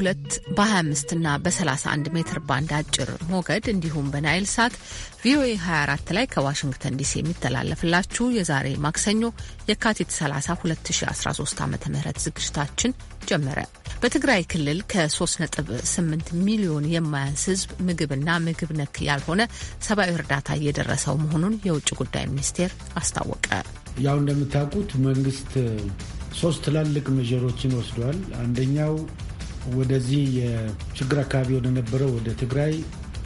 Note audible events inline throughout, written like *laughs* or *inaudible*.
በ በ25 እና በ31 ሜትር ባንድ አጭር ሞገድ እንዲሁም በናይል ሳት ቪኦኤ 24 ላይ ከዋሽንግተን ዲሲ የሚተላለፍላችሁ የዛሬ ማክሰኞ የካቲት 30 2013 ዓ ም ዝግጅታችን ጀመረ። በትግራይ ክልል ከ3.8 ሚሊዮን የማያንስ ሕዝብ ምግብና ምግብ ነክ ያልሆነ ሰብአዊ እርዳታ እየደረሰው መሆኑን የውጭ ጉዳይ ሚኒስቴር አስታወቀ። ያው እንደምታውቁት መንግስት ሶስት ትላልቅ መጀሮችን ወስዷል። አንደኛው ወደዚህ የችግር አካባቢ ወደነበረው ወደ ትግራይ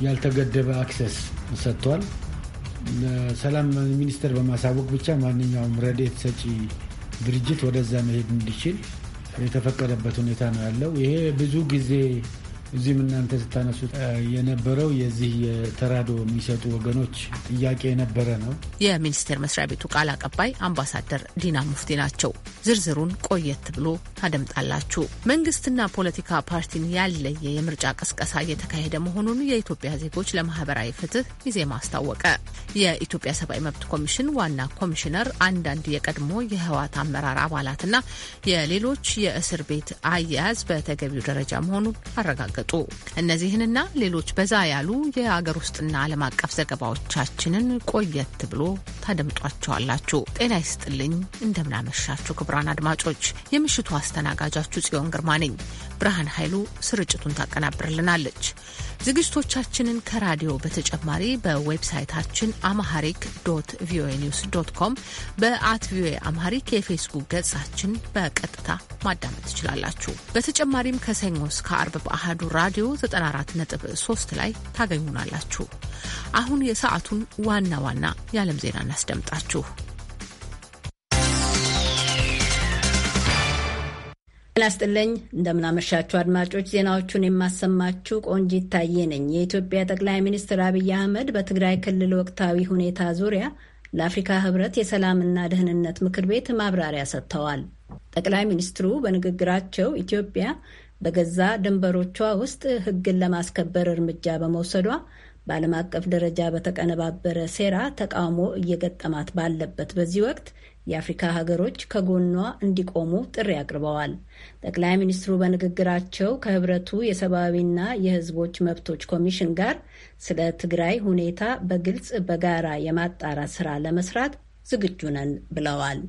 ያልተገደበ አክሰስ ሰጥቷል። ለሰላም ሚኒስቴር በማሳወቅ ብቻ ማንኛውም ረድኤት ሰጪ ድርጅት ወደዛ መሄድ እንዲችል የተፈቀደበት ሁኔታ ነው ያለው። ይሄ ብዙ ጊዜ እዚህም እናንተ ስታነሱት የነበረው የዚህ የተራዶ የሚሰጡ ወገኖች ጥያቄ የነበረ ነው። የሚኒስቴር መስሪያ ቤቱ ቃል አቀባይ አምባሳደር ዲና ሙፍቲ ናቸው። ዝርዝሩን ቆየት ብሎ ታደምጣላችሁ። መንግስትና ፖለቲካ ፓርቲን ያለየ የምርጫ ቅስቀሳ እየተካሄደ መሆኑን የኢትዮጵያ ዜጎች ለማህበራዊ ፍትህ ኢዜማ አስታወቀ። የኢትዮጵያ ሰብአዊ መብት ኮሚሽን ዋና ኮሚሽነር አንዳንድ የቀድሞ የህወሓት አመራር አባላትና የሌሎች የእስር ቤት አያያዝ በተገቢው ደረጃ መሆኑን አረጋገጡ። ይደመጡ። እነዚህንና ሌሎች በዛ ያሉ የአገር ውስጥና ዓለም አቀፍ ዘገባዎቻችንን ቆየት ብሎ ታደምጧቸዋላችሁ። ጤና ይስጥልኝ። እንደምናመሻችሁ ክቡራን አድማጮች፣ የምሽቱ አስተናጋጃችሁ ጽዮን ግርማ ነኝ። ብርሃን ኃይሉ ስርጭቱን ታቀናብርልናለች። ዝግጅቶቻችንን ከራዲዮ በተጨማሪ በዌብሳይታችን አማሐሪክ ዶት ቪኦኤ ኒውስ ዶት ኮም በአት ቪኦኤ አማሐሪክ የፌስቡክ ገጻችን በቀጥታ ማዳመጥ ትችላላችሁ። በተጨማሪም ከሰኞ እስከ አርብ በአህዱ ራዲዮ 94.3 ላይ ታገኙናላችሁ። አሁን የሰዓቱን ዋና ዋና የዓለም ዜና እናስደምጣችሁ። ጤና ይስጥልኝ እንደምናመሻችሁ አድማጮች፣ ዜናዎቹን የማሰማችሁ ቆንጂ ይታየ ነኝ። የኢትዮጵያ ጠቅላይ ሚኒስትር አብይ አህመድ በትግራይ ክልል ወቅታዊ ሁኔታ ዙሪያ ለአፍሪካ ህብረት የሰላምና ደህንነት ምክር ቤት ማብራሪያ ሰጥተዋል። ጠቅላይ ሚኒስትሩ በንግግራቸው ኢትዮጵያ በገዛ ድንበሮቿ ውስጥ ሕግን ለማስከበር እርምጃ በመውሰዷ በዓለም አቀፍ ደረጃ በተቀነባበረ ሴራ ተቃውሞ እየገጠማት ባለበት በዚህ ወቅት የአፍሪካ ሀገሮች ከጎኗ እንዲቆሙ ጥሪ አቅርበዋል። ጠቅላይ ሚኒስትሩ በንግግራቸው ከህብረቱ የሰብአዊና የህዝቦች መብቶች ኮሚሽን ጋር ስለ ትግራይ ሁኔታ በግልጽ በጋራ የማጣራት ስራ ለመስራት ዝግጁ ነን ብለዋል።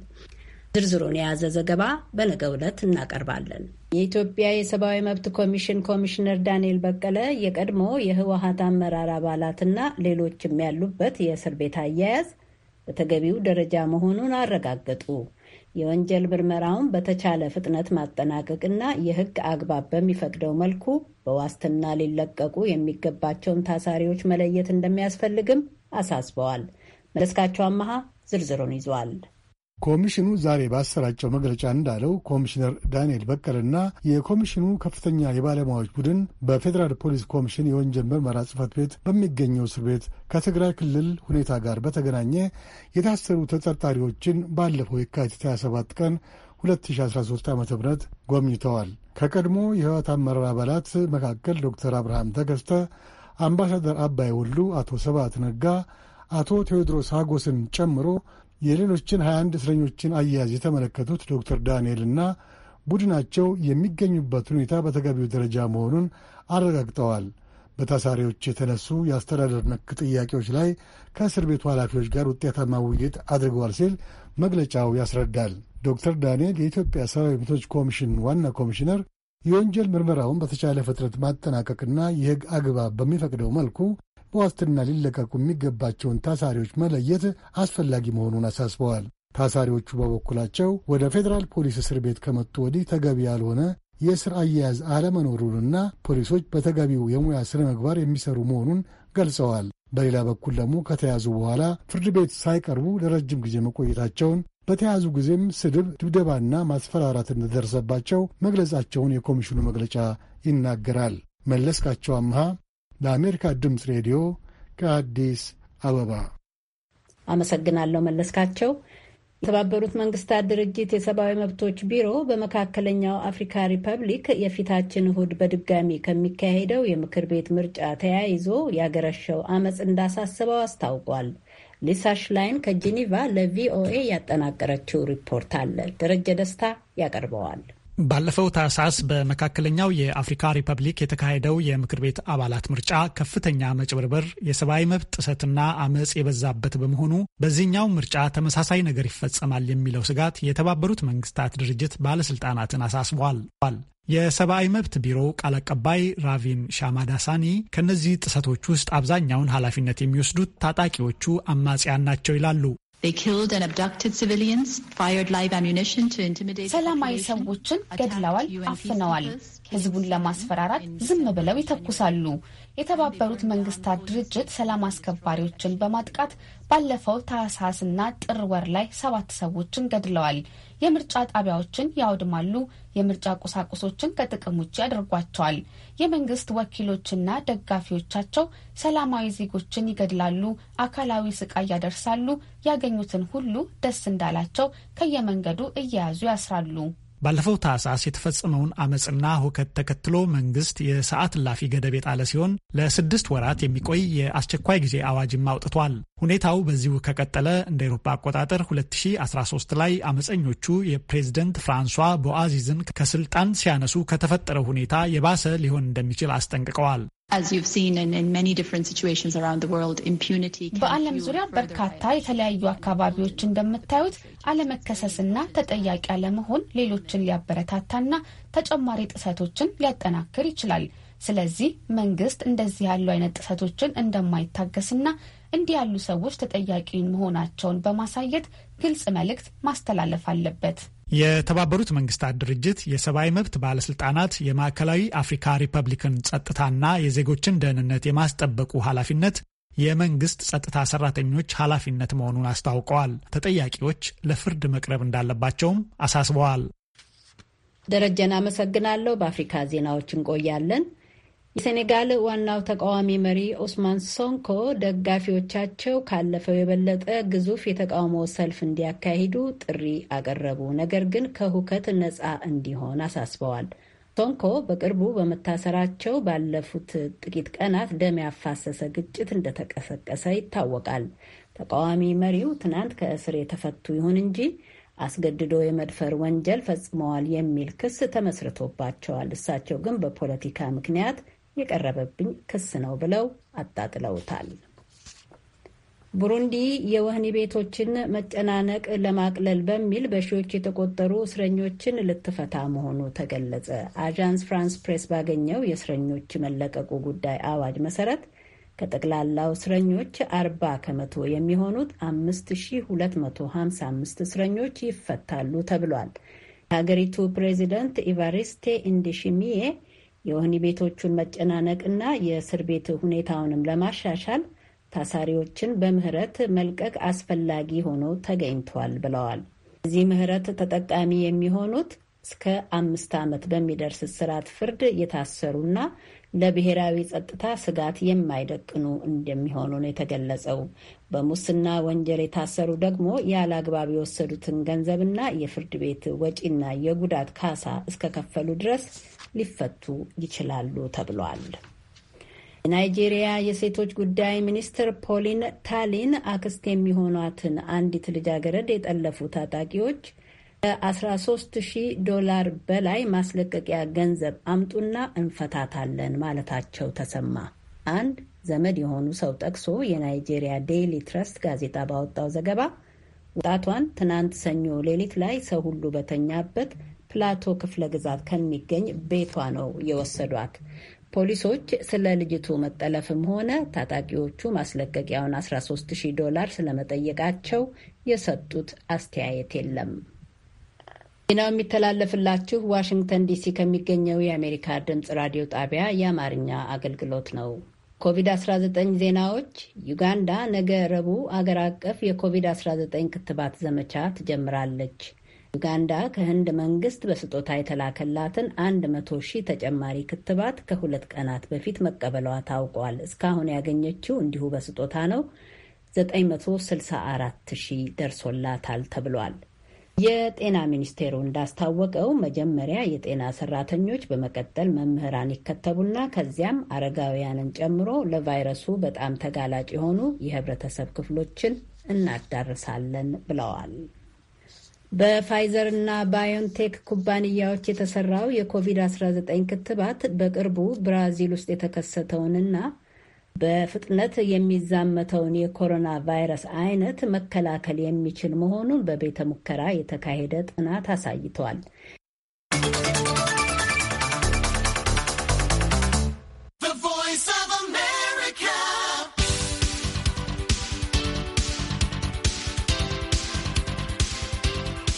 ዝርዝሩን የያዘ ዘገባ በነገው ዕለት እናቀርባለን። የኢትዮጵያ የሰብአዊ መብት ኮሚሽን ኮሚሽነር ዳንኤል በቀለ የቀድሞ የህወሀት አመራር አባላትና ሌሎችም ያሉበት የእስር ቤት አያያዝ በተገቢው ደረጃ መሆኑን አረጋገጡ። የወንጀል ምርመራውን በተቻለ ፍጥነት ማጠናቀቅና የህግ አግባብ በሚፈቅደው መልኩ በዋስትና ሊለቀቁ የሚገባቸውን ታሳሪዎች መለየት እንደሚያስፈልግም አሳስበዋል። መለስካቸው አመሃ ዝርዝሩን ይዟል። ኮሚሽኑ ዛሬ ባሰራጨው መግለጫ እንዳለው ኮሚሽነር ዳንኤል በቀለና የኮሚሽኑ ከፍተኛ የባለሙያዎች ቡድን በፌዴራል ፖሊስ ኮሚሽን የወንጀል ምርመራ ጽፈት ቤት በሚገኘው እስር ቤት ከትግራይ ክልል ሁኔታ ጋር በተገናኘ የታሰሩ ተጠርጣሪዎችን ባለፈው የካቲት 27 ቀን 2013 ዓ ም ጎብኝተዋል። ከቀድሞ የህወሓት አመራር አባላት መካከል ዶክተር አብርሃም ተከስተ፣ አምባሳደር አባይ ወሉ፣ አቶ ሰባት ነጋ አቶ ቴዎድሮስ ሀጎስን ጨምሮ የሌሎችን 21 እስረኞችን አያያዝ የተመለከቱት ዶክተር ዳንኤልና ቡድናቸው የሚገኙበት ሁኔታ በተገቢው ደረጃ መሆኑን አረጋግጠዋል። በታሳሪዎች የተነሱ የአስተዳደር ነክ ጥያቄዎች ላይ ከእስር ቤቱ ኃላፊዎች ጋር ውጤታማ ውይይት አድርገዋል ሲል መግለጫው ያስረዳል። ዶክተር ዳንኤል የኢትዮጵያ ሰብአዊ መብቶች ኮሚሽን ዋና ኮሚሽነር የወንጀል ምርመራውን በተቻለ ፍጥነት ማጠናቀቅና የሕግ አግባብ በሚፈቅደው መልኩ በዋስትና ሊለቀቁ የሚገባቸውን ታሳሪዎች መለየት አስፈላጊ መሆኑን አሳስበዋል። ታሳሪዎቹ በበኩላቸው ወደ ፌዴራል ፖሊስ እስር ቤት ከመጡ ወዲህ ተገቢ ያልሆነ የእስር አያያዝ አለመኖሩንና ፖሊሶች በተገቢው የሙያ ስነ ምግባር የሚሰሩ መሆኑን ገልጸዋል። በሌላ በኩል ደግሞ ከተያዙ በኋላ ፍርድ ቤት ሳይቀርቡ ለረጅም ጊዜ መቆየታቸውን በተያዙ ጊዜም ስድብ፣ ድብደባና ማስፈራራት እንደደረሰባቸው መግለጻቸውን የኮሚሽኑ መግለጫ ይናገራል። መለስካቸው አምሃ ለአሜሪካ ድምፅ ሬዲዮ ከአዲስ አበባ አመሰግናለሁ። መለስካቸው። የተባበሩት መንግስታት ድርጅት የሰብአዊ መብቶች ቢሮ በመካከለኛው አፍሪካ ሪፐብሊክ የፊታችን እሁድ በድጋሚ ከሚካሄደው የምክር ቤት ምርጫ ተያይዞ ያገረሸው አመፅ እንዳሳስበው አስታውቋል። ሊሳ ሽላይን ከጄኔቫ ለቪኦኤ ያጠናቀረችው ሪፖርት አለ። ደረጀ ደስታ ያቀርበዋል። ባለፈው ታህሳስ በመካከለኛው የአፍሪካ ሪፐብሊክ የተካሄደው የምክር ቤት አባላት ምርጫ ከፍተኛ መጭበርበር፣ የሰብአዊ መብት ጥሰትና አመፅ የበዛበት በመሆኑ በዚህኛው ምርጫ ተመሳሳይ ነገር ይፈጸማል የሚለው ስጋት የተባበሩት መንግስታት ድርጅት ባለስልጣናትን አሳስቧል። የሰብአዊ መብት ቢሮ ቃል አቀባይ ራቪን ሻማዳሳኒ ከእነዚህ ጥሰቶች ውስጥ አብዛኛውን ኃላፊነት የሚወስዱት ታጣቂዎቹ አማጽያን ናቸው ይላሉ። ሰላማዊ ሰዎችን ገድለዋል፣ አፍነዋል። ህዝቡን ለማስፈራራት ዝም ብለው ይተኩሳሉ። የተባበሩት መንግስታት ድርጅት ሰላም አስከባሪዎችን በማጥቃት ባለፈው ታህሳስና ጥር ወር ላይ ሰባት ሰዎችን ገድለዋል። የምርጫ ጣቢያዎችን ያወድማሉ፣ የምርጫ ቁሳቁሶችን ከጥቅም ውጭ ያደርጓቸዋል፣ የመንግስት ወኪሎችና ደጋፊዎቻቸው ሰላማዊ ዜጎችን ይገድላሉ፣ አካላዊ ስቃይ ያደርሳሉ፣ ያገኙትን ሁሉ ደስ እንዳላቸው ከየመንገዱ እየያዙ ያስራሉ። ባለፈው ታህሳስ የተፈጸመውን አመፅና ሁከት ተከትሎ መንግስት የሰዓት እላፊ ገደብ የጣለ ሲሆን ለስድስት ወራት የሚቆይ የአስቸኳይ ጊዜ አዋጅም አውጥቷል። ሁኔታው በዚሁ ከቀጠለ እንደ ኤሮፓ አቆጣጠር 2013 ላይ አመፀኞቹ የፕሬዝደንት ፍራንሷ ቦአዚዝን ከስልጣን ሲያነሱ ከተፈጠረው ሁኔታ የባሰ ሊሆን እንደሚችል አስጠንቅቀዋል። በዓለም ዙሪያ በርካታ የተለያዩ አካባቢዎች እንደምታዩት አለመከሰስና ተጠያቂ አለመሆን ሌሎችን ሊያበረታታና ተጨማሪ ጥሰቶችን ሊያጠናክር ይችላል። ስለዚህ መንግስት እንደዚህ ያሉ አይነት ጥሰቶችን እንደማይታገስና እንዲህ ያሉ ሰዎች ተጠያቂ መሆናቸውን በማሳየት ግልጽ መልእክት ማስተላለፍ አለበት። የተባበሩት መንግስታት ድርጅት የሰብአዊ መብት ባለስልጣናት የማዕከላዊ አፍሪካ ሪፐብሊክን ጸጥታና የዜጎችን ደህንነት የማስጠበቁ ኃላፊነት የመንግስት ጸጥታ ሰራተኞች ኃላፊነት መሆኑን አስታውቀዋል። ተጠያቂዎች ለፍርድ መቅረብ እንዳለባቸውም አሳስበዋል። ደረጀን አመሰግናለሁ። በአፍሪካ ዜናዎች እንቆያለን። የሴኔጋል ዋናው ተቃዋሚ መሪ ኦስማን ሶንኮ ደጋፊዎቻቸው ካለፈው የበለጠ ግዙፍ የተቃውሞ ሰልፍ እንዲያካሂዱ ጥሪ አቀረቡ። ነገር ግን ከሁከት ነፃ እንዲሆን አሳስበዋል። ሶንኮ በቅርቡ በመታሰራቸው ባለፉት ጥቂት ቀናት ደም ያፋሰሰ ግጭት እንደተቀሰቀሰ ይታወቃል። ተቃዋሚ መሪው ትናንት ከእስር የተፈቱ ይሁን እንጂ አስገድዶ የመድፈር ወንጀል ፈጽመዋል የሚል ክስ ተመስርቶባቸዋል። እሳቸው ግን በፖለቲካ ምክንያት የቀረበብኝ ክስ ነው ብለው አጣጥለውታል። ቡሩንዲ የወህኒ ቤቶችን መጨናነቅ ለማቅለል በሚል በሺዎች የተቆጠሩ እስረኞችን ልትፈታ መሆኑ ተገለጸ። አዣንስ ፍራንስ ፕሬስ ባገኘው የእስረኞች መለቀቁ ጉዳይ አዋጅ መሰረት ከጠቅላላው እስረኞች 40 ከመቶ የሚሆኑት 5255 እስረኞች ይፈታሉ ተብሏል። የሀገሪቱ ፕሬዚደንት ኢቫሪስቴ ኢንዲሽሚዬ የወህኒ ቤቶቹን መጨናነቅና የእስር ቤት ሁኔታውንም ለማሻሻል ታሳሪዎችን በምህረት መልቀቅ አስፈላጊ ሆኖ ተገኝቷል ብለዋል። እዚህ ምህረት ተጠቃሚ የሚሆኑት እስከ አምስት ዓመት በሚደርስ እስራት ፍርድ የታሰሩና ለብሔራዊ ጸጥታ ስጋት የማይደቅኑ እንደሚሆኑ ነው የተገለጸው። በሙስና ወንጀል የታሰሩ ደግሞ ያለ አግባብ የወሰዱትን ገንዘብና የፍርድ ቤት ወጪና የጉዳት ካሳ እስከከፈሉ ድረስ ሊፈቱ ይችላሉ ተብሏል። የናይጄሪያ የሴቶች ጉዳይ ሚኒስትር ፖሊን ታሊን አክስት የሚሆኗትን አንዲት ልጃገረድ የጠለፉ ታጣቂዎች ከ13 ሺህ ዶላር በላይ ማስለቀቂያ ገንዘብ አምጡና እንፈታታለን ማለታቸው ተሰማ። አንድ ዘመድ የሆኑ ሰው ጠቅሶ የናይጄሪያ ዴይሊ ትረስት ጋዜጣ ባወጣው ዘገባ ወጣቷን ትናንት ሰኞ ሌሊት ላይ ሰው ሁሉ በተኛበት ፕላቶ ክፍለ ግዛት ከሚገኝ ቤቷ ነው የወሰዷት። ፖሊሶች ስለ ልጅቱ መጠለፍም ሆነ ታጣቂዎቹ ማስለቀቂያውን 130 ዶላር ስለመጠየቃቸው የሰጡት አስተያየት የለም። ዜናው የሚተላለፍላችሁ ዋሽንግተን ዲሲ ከሚገኘው የአሜሪካ ድምፅ ራዲዮ ጣቢያ የአማርኛ አገልግሎት ነው። ኮቪድ-19 ዜናዎች። ዩጋንዳ ነገ ረቡዕ አገር አቀፍ የኮቪድ-19 ክትባት ዘመቻ ትጀምራለች። ኡጋንዳ ከህንድ መንግስት በስጦታ የተላከላትን አንድ መቶ ሺህ ተጨማሪ ክትባት ከሁለት ቀናት በፊት መቀበሏ ታውቋል። እስካሁን ያገኘችው እንዲሁ በስጦታ ነው። 964 ሺህ ደርሶላታል ተብሏል። የጤና ሚኒስቴሩ እንዳስታወቀው መጀመሪያ የጤና ሰራተኞች በመቀጠል መምህራን ይከተቡና ከዚያም አረጋውያንን ጨምሮ ለቫይረሱ በጣም ተጋላጭ የሆኑ የህብረተሰብ ክፍሎችን እናዳርሳለን ብለዋል። በፋይዘር እና ባዮንቴክ ኩባንያዎች የተሰራው የኮቪድ-19 ክትባት በቅርቡ ብራዚል ውስጥ የተከሰተውንና በፍጥነት የሚዛመተውን የኮሮና ቫይረስ አይነት መከላከል የሚችል መሆኑን በቤተ ሙከራ የተካሄደ ጥናት አሳይቷል።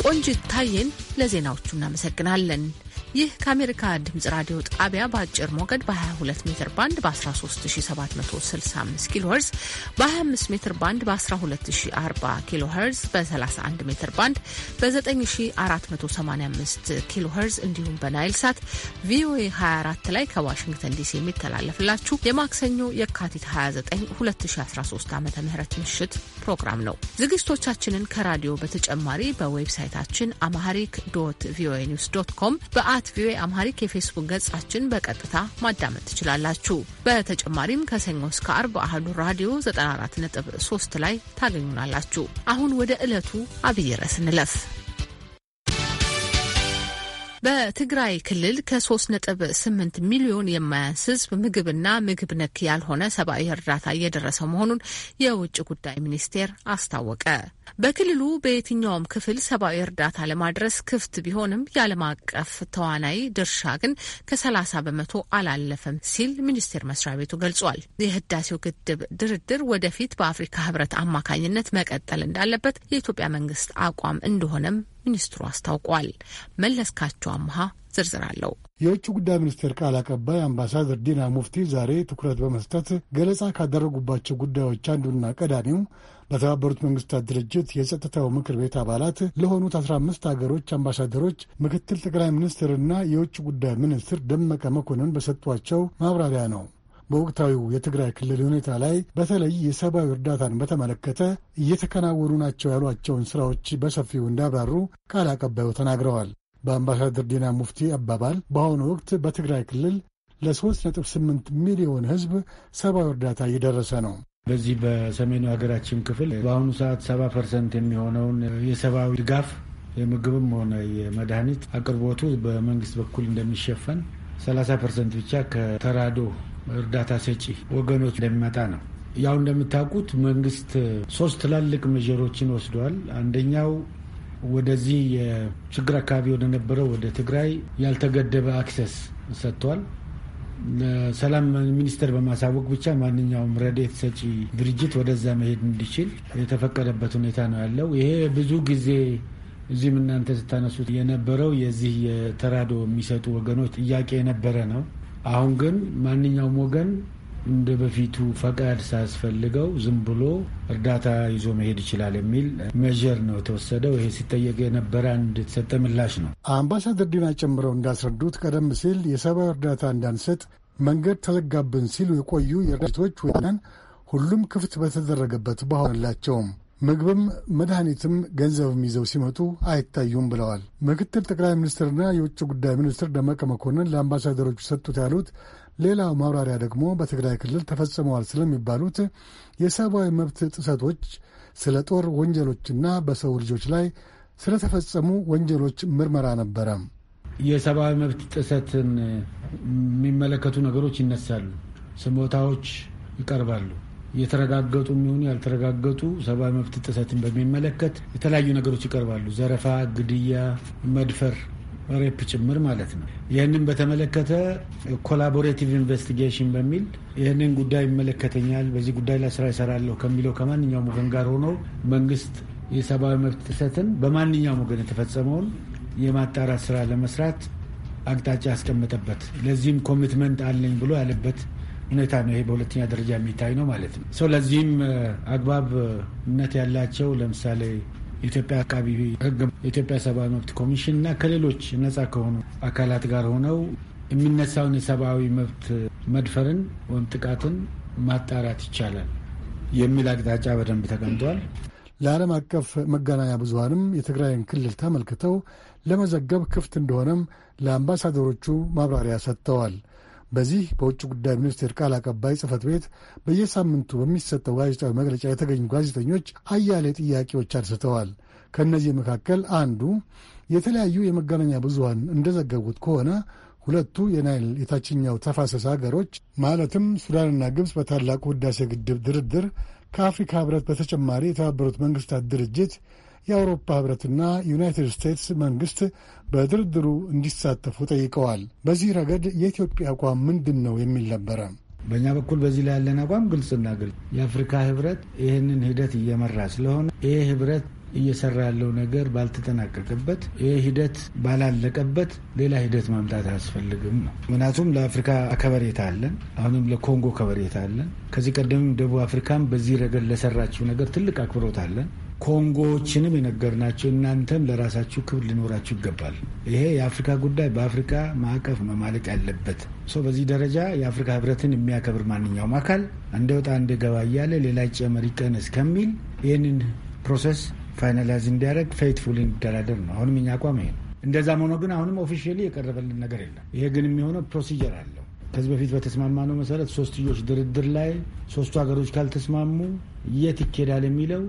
ቆንጅት ታየን ለዜናዎቹ እናመሰግናለን። ይህ ከአሜሪካ ድምጽ ራዲዮ ጣቢያ በአጭር ሞገድ በ22 ሜትር ባንድ በ13765 ኪሎ ሄርዝ በ25 ሜትር ባንድ በ1240 ኪሎ ሄርዝ በ31 ሜትር ባንድ በ9485 ኪሎ ሄርዝ እንዲሁም በናይል ሳት ቪኦኤ 24 ላይ ከዋሽንግተን ዲሲ የሚተላለፍላችሁ የማክሰኞ የካቲት 29 2013 ዓ ም ምሽት ፕሮግራም ነው። ዝግጅቶቻችንን ከራዲዮ በተጨማሪ በዌብሳይታችን አማሪክ ዶት ቪኦኤ ኒውስ ዶት ኮም በአት አት ቪኦኤ አምሃሪክ የፌስቡክ ገጻችን በቀጥታ ማዳመጥ ትችላላችሁ። በተጨማሪም ከሰኞ እስከ አርብ አህዱ ራዲዮ 94.3 ላይ ታገኙናላችሁ። አሁን ወደ ዕለቱ አብይ ርዕስ እንለፍ። በትግራይ ክልል ከ3.8 ሚሊዮን የማያንስ ህዝብ ምግብና ምግብ ነክ ያልሆነ ሰብአዊ እርዳታ እየደረሰው መሆኑን የውጭ ጉዳይ ሚኒስቴር አስታወቀ። በክልሉ በየትኛውም ክፍል ሰብአዊ እርዳታ ለማድረስ ክፍት ቢሆንም የዓለም አቀፍ ተዋናይ ድርሻ ግን ከ30 በመቶ አላለፈም ሲል ሚኒስቴር መስሪያ ቤቱ ገልጿል። የህዳሴው ግድብ ድርድር ወደፊት በአፍሪካ ህብረት አማካኝነት መቀጠል እንዳለበት የኢትዮጵያ መንግስት አቋም እንደሆነም ሚኒስትሩ አስታውቋል። መለስካቸው አምሃ ዝርዝር አለው። የውጭ ጉዳይ ሚኒስቴር ቃል አቀባይ አምባሳደር ዲና ሙፍቲ ዛሬ ትኩረት በመስጠት ገለጻ ካደረጉባቸው ጉዳዮች አንዱና ቀዳሚው በተባበሩት መንግስታት ድርጅት የጸጥታው ምክር ቤት አባላት ለሆኑት አስራ አምስት ሀገሮች አምባሳደሮች ምክትል ጠቅላይ ሚኒስትርና የውጭ ጉዳይ ሚኒስትር ደመቀ መኮንን በሰጧቸው ማብራሪያ ነው። በወቅታዊው የትግራይ ክልል ሁኔታ ላይ በተለይ የሰብአዊ እርዳታን በተመለከተ እየተከናወኑ ናቸው ያሏቸውን ስራዎች በሰፊው እንዳብራሩ ቃል አቀባዩ ተናግረዋል። በአምባሳደር ዲና ሙፍቲ አባባል በአሁኑ ወቅት በትግራይ ክልል ለ3.8 ሚሊዮን ህዝብ ሰብአዊ እርዳታ እየደረሰ ነው። በዚህ በሰሜኑ ሀገራችን ክፍል በአሁኑ ሰዓት ሰባ ፐርሰንት የሚሆነውን የሰብአዊ ድጋፍ የምግብም ሆነ የመድኃኒት አቅርቦቱ በመንግስት በኩል እንደሚሸፈን 30 ፐርሰንት ብቻ ከተራዶ እርዳታ ሰጪ ወገኖች እንደሚመጣ ነው። ያው እንደምታውቁት መንግስት ሶስት ትላልቅ መጀሮችን ወስደዋል። አንደኛው ወደዚህ የችግር አካባቢ ወደነበረው ወደ ትግራይ ያልተገደበ አክሰስ ሰጥቷል። ሰላም ሚኒስቴር በማሳወቅ ብቻ ማንኛውም ረዴት ሰጪ ድርጅት ወደዛ መሄድ እንዲችል የተፈቀደበት ሁኔታ ነው ያለው። ይሄ ብዙ ጊዜ እዚህም እናንተ ስታነሱት የነበረው የዚህ የተራዶ የሚሰጡ ወገኖች ጥያቄ የነበረ ነው። አሁን ግን ማንኛውም ወገን እንደ በፊቱ ፈቃድ ሳያስፈልገው ዝም ብሎ እርዳታ ይዞ መሄድ ይችላል የሚል ሜዥር ነው የተወሰደው። ይሄ ሲጠየቅ የነበረ አንድ የተሰጠ ምላሽ ነው። አምባሳደር ዲና ጨምረው እንዳስረዱት ቀደም ሲል የሰብአዊ እርዳታ እንዳንሰጥ መንገድ ተዘጋብን ሲሉ የቆዩ የድርጅቶች ሁሉም ክፍት በተደረገበት ባሆንላቸውም ምግብም መድኃኒትም ገንዘብም ይዘው ሲመጡ አይታዩም ብለዋል። ምክትል ጠቅላይ ሚኒስትርና የውጭ ጉዳይ ሚኒስትር ደመቀ መኮንን ለአምባሳደሮቹ ሰጡት ያሉት ሌላው ማብራሪያ ደግሞ በትግራይ ክልል ተፈጽመዋል ስለሚባሉት የሰብአዊ መብት ጥሰቶች፣ ስለ ጦር ወንጀሎችና በሰው ልጆች ላይ ስለተፈጸሙ ወንጀሎች ምርመራ ነበረ። የሰብአዊ መብት ጥሰትን የሚመለከቱ ነገሮች ይነሳሉ፣ ስሞታዎች ይቀርባሉ። የተረጋገጡ የሚሆኑ ያልተረጋገጡ ሰብአዊ መብት ጥሰትን በሚመለከት የተለያዩ ነገሮች ይቀርባሉ። ዘረፋ፣ ግድያ፣ መድፈር፣ ሬፕ ጭምር ማለት ነው። ይህንን በተመለከተ ኮላቦሬቲቭ ኢንቨስቲጌሽን በሚል ይህንን ጉዳይ ይመለከተኛል፣ በዚህ ጉዳይ ላይ ስራ ይሰራለሁ ከሚለው ከማንኛውም ወገን ጋር ሆኖ መንግስት የሰብአዊ መብት ጥሰትን በማንኛውም ወገን የተፈጸመውን የማጣራት ስራ ለመስራት አቅጣጫ ያስቀመጠበት ለዚህም ኮሚትመንት አለኝ ብሎ ያለበት ሁኔታ ነው። ይሄ በሁለተኛ ደረጃ የሚታይ ነው ማለት ነው። ሰው ለዚህም አግባብነት ያላቸው ለምሳሌ የኢትዮጵያ አቃቢ ሕግ፣ የኢትዮጵያ ሰብአዊ መብት ኮሚሽን እና ከሌሎች ነጻ ከሆኑ አካላት ጋር ሆነው የሚነሳውን የሰብአዊ መብት መድፈርን ወይም ጥቃትን ማጣራት ይቻላል የሚል አቅጣጫ በደንብ ተቀምጧል። ለዓለም አቀፍ መገናኛ ብዙሀንም የትግራይን ክልል ተመልክተው ለመዘገብ ክፍት እንደሆነም ለአምባሳደሮቹ ማብራሪያ ሰጥተዋል። በዚህ በውጭ ጉዳይ ሚኒስቴር ቃል አቀባይ ጽህፈት ቤት በየሳምንቱ በሚሰጠው ጋዜጣዊ መግለጫ የተገኙ ጋዜጠኞች አያሌ ጥያቄዎች አንስተዋል። ከእነዚህ መካከል አንዱ የተለያዩ የመገናኛ ብዙሀን እንደዘገቡት ከሆነ ሁለቱ የናይል የታችኛው ተፋሰስ ሀገሮች ማለትም ሱዳንና ግብፅ በታላቁ ህዳሴ ግድብ ድርድር ከአፍሪካ ህብረት በተጨማሪ የተባበሩት መንግስታት ድርጅት የአውሮፓ ህብረትና ዩናይትድ ስቴትስ መንግስት በድርድሩ እንዲሳተፉ ጠይቀዋል። በዚህ ረገድ የኢትዮጵያ አቋም ምንድን ነው የሚል ነበረ። በእኛ በኩል በዚህ ላይ ያለን አቋም ግልጽና ግልጽ የአፍሪካ ህብረት ይህንን ሂደት እየመራ ስለሆነ ይህ ህብረት እየሰራ ያለው ነገር ባልተጠናቀቀበት ይህ ሂደት ባላለቀበት ሌላ ሂደት ማምጣት አያስፈልግም ነው። ምክንያቱም ለአፍሪካ ከበሬታ አለን፣ አሁንም ለኮንጎ ከበሬታ አለን። ከዚህ ቀደምም ደቡብ አፍሪካም በዚህ ረገድ ለሰራችው ነገር ትልቅ አክብሮት አለን። ኮንጎዎችንም የነገርናቸው እናንተም ለራሳችሁ ክብር ሊኖራችሁ ይገባል። ይሄ የአፍሪካ ጉዳይ በአፍሪካ ማዕቀፍ መማለቅ ያለበት ሰው በዚህ ደረጃ የአፍሪካ ሕብረትን የሚያከብር ማንኛውም አካል እንደወጣ እንደገባ እያለ ሌላ ጨመር ይቀነስ ከሚል ይህንን ፕሮሰስ ፋይናላይዝ እንዲያደርግ ፌይትፉል እንዲደራደር ነው። አሁንም እኛ አቋም ይሄ ነው። እንደዛም ሆኖ ግን አሁንም ኦፊሽሊ የቀረበልን ነገር የለም። ይሄ ግን የሚሆነው ፕሮሲጀር አለው። ከዚህ በፊት በተስማማነው መሰረት ሶስትዮሽ ድርድር ላይ ሶስቱ ሀገሮች ካልተስማሙ የት ይኬዳል የሚለው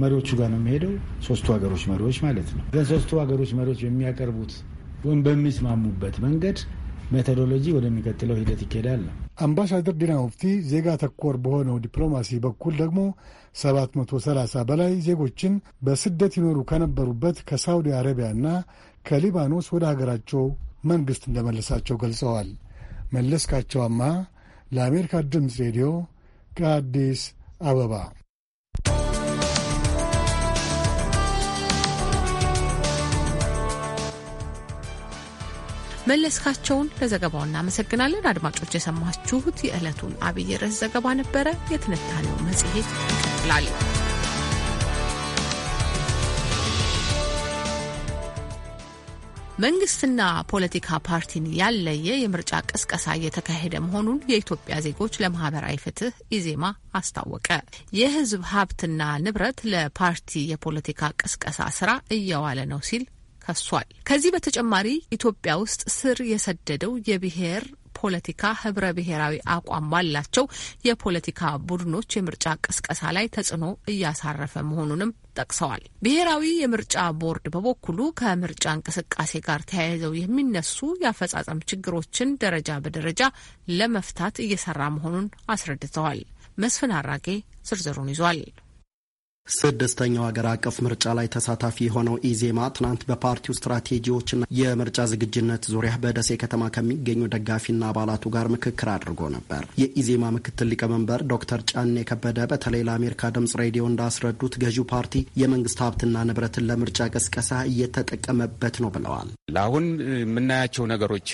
መሪዎቹ ጋር ነው የሚሄደው። ሶስቱ ሀገሮች መሪዎች ማለት ነው። ግን ሶስቱ ሀገሮች መሪዎች የሚያቀርቡት ወይም በሚስማሙበት መንገድ ሜቶዶሎጂ ወደሚቀጥለው ሂደት ይኬዳል ነው። አምባሳደር ዲና ሙፍቲ ዜጋ ተኮር በሆነው ዲፕሎማሲ በኩል ደግሞ 730 በላይ ዜጎችን በስደት ይኖሩ ከነበሩበት ከሳውዲ አረቢያና ከሊባኖስ ወደ ሀገራቸው መንግሥት እንደመለሳቸው ገልጸዋል። መለስካቸው አማ ለአሜሪካ ድምፅ ሬዲዮ ከአዲስ አበባ መለስካቸውን ለዘገባው እናመሰግናለን። አድማጮች የሰማችሁት የዕለቱን አብይ ርዕስ ዘገባ ነበረ። የትንታኔው መጽሔት ይቀጥላል። መንግስትና ፖለቲካ ፓርቲን ያለየ የምርጫ ቅስቀሳ እየተካሄደ መሆኑን የኢትዮጵያ ዜጎች ለማህበራዊ ፍትህ ኢዜማ አስታወቀ። የህዝብ ሀብትና ንብረት ለፓርቲ የፖለቲካ ቅስቀሳ ስራ እየዋለ ነው ሲል ከሷል። ከዚህ በተጨማሪ ኢትዮጵያ ውስጥ ስር የሰደደው የብሔር ፖለቲካ ህብረ ብሔራዊ አቋም ባላቸው የፖለቲካ ቡድኖች የምርጫ ቅስቀሳ ላይ ተጽዕኖ እያሳረፈ መሆኑንም ጠቅሰዋል። ብሔራዊ የምርጫ ቦርድ በበኩሉ ከምርጫ እንቅስቃሴ ጋር ተያይዘው የሚነሱ የአፈጻጸም ችግሮችን ደረጃ በደረጃ ለመፍታት እየሰራ መሆኑን አስረድተዋል። መስፍን አራጌ ዝርዝሩን ይዟል። ስድስተኛው ሀገር አቀፍ ምርጫ ላይ ተሳታፊ የሆነው ኢዜማ ትናንት በፓርቲው ስትራቴጂዎችና የምርጫ ዝግጅነት ዙሪያ በደሴ ከተማ ከሚገኙ ደጋፊና አባላቱ ጋር ምክክር አድርጎ ነበር። የኢዜማ ምክትል ሊቀመንበር ዶክተር ጫኔ ከበደ በተለይ ለአሜሪካ ድምጽ ሬዲዮ እንዳስረዱት ገዢው ፓርቲ የመንግስት ሀብትና ንብረትን ለምርጫ ቀስቀሳ እየተጠቀመበት ነው ብለዋል። ለአሁን የምናያቸው ነገሮች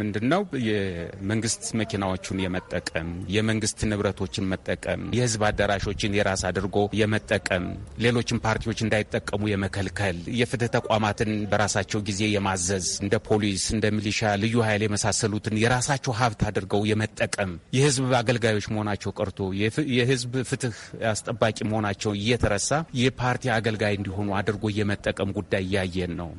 ምንድን ነው? የመንግስት መኪናዎቹን የመጠቀም የመንግስት ንብረቶችን መጠቀም የህዝብ አዳራሾችን የራስ አድርጎ የመጠቀም የመጠቀም ሌሎችን ፓርቲዎች እንዳይጠቀሙ የመከልከል የፍትህ ተቋማትን በራሳቸው ጊዜ የማዘዝ እንደ ፖሊስ፣ እንደ ሚሊሻ፣ ልዩ ኃይል የመሳሰሉትን የራሳቸው ሀብት አድርገው የመጠቀም የህዝብ አገልጋዮች መሆናቸው ቀርቶ የህዝብ ፍትህ አስጠባቂ መሆናቸው እየተረሳ የፓርቲ አገልጋይ እንዲሆኑ አድርጎ የመጠቀም ጉዳይ እያየን ነው።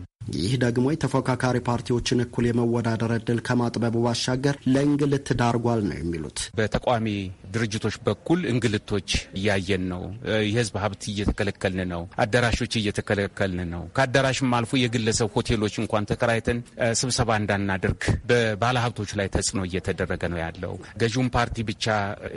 ይህ ደግሞ የተፎካካሪ ፓርቲዎችን እኩል የመወዳደር እድል ከማጥበቡ ባሻገር ለእንግልት ዳርጓል ነው የሚሉት። በተቋሚ ድርጅቶች በኩል እንግልቶች እያየን ነው። የህዝብ ሀብት እየተከለከልን ነው። አዳራሾች እየተከለከልን ነው። ከአዳራሽም አልፎ የግለሰብ ሆቴሎች እንኳን ተከራይተን ስብሰባ እንዳናደርግ ሀብቶች ላይ ተጽዕኖ እየተደረገ ነው ያለው። ገዢውን ፓርቲ ብቻ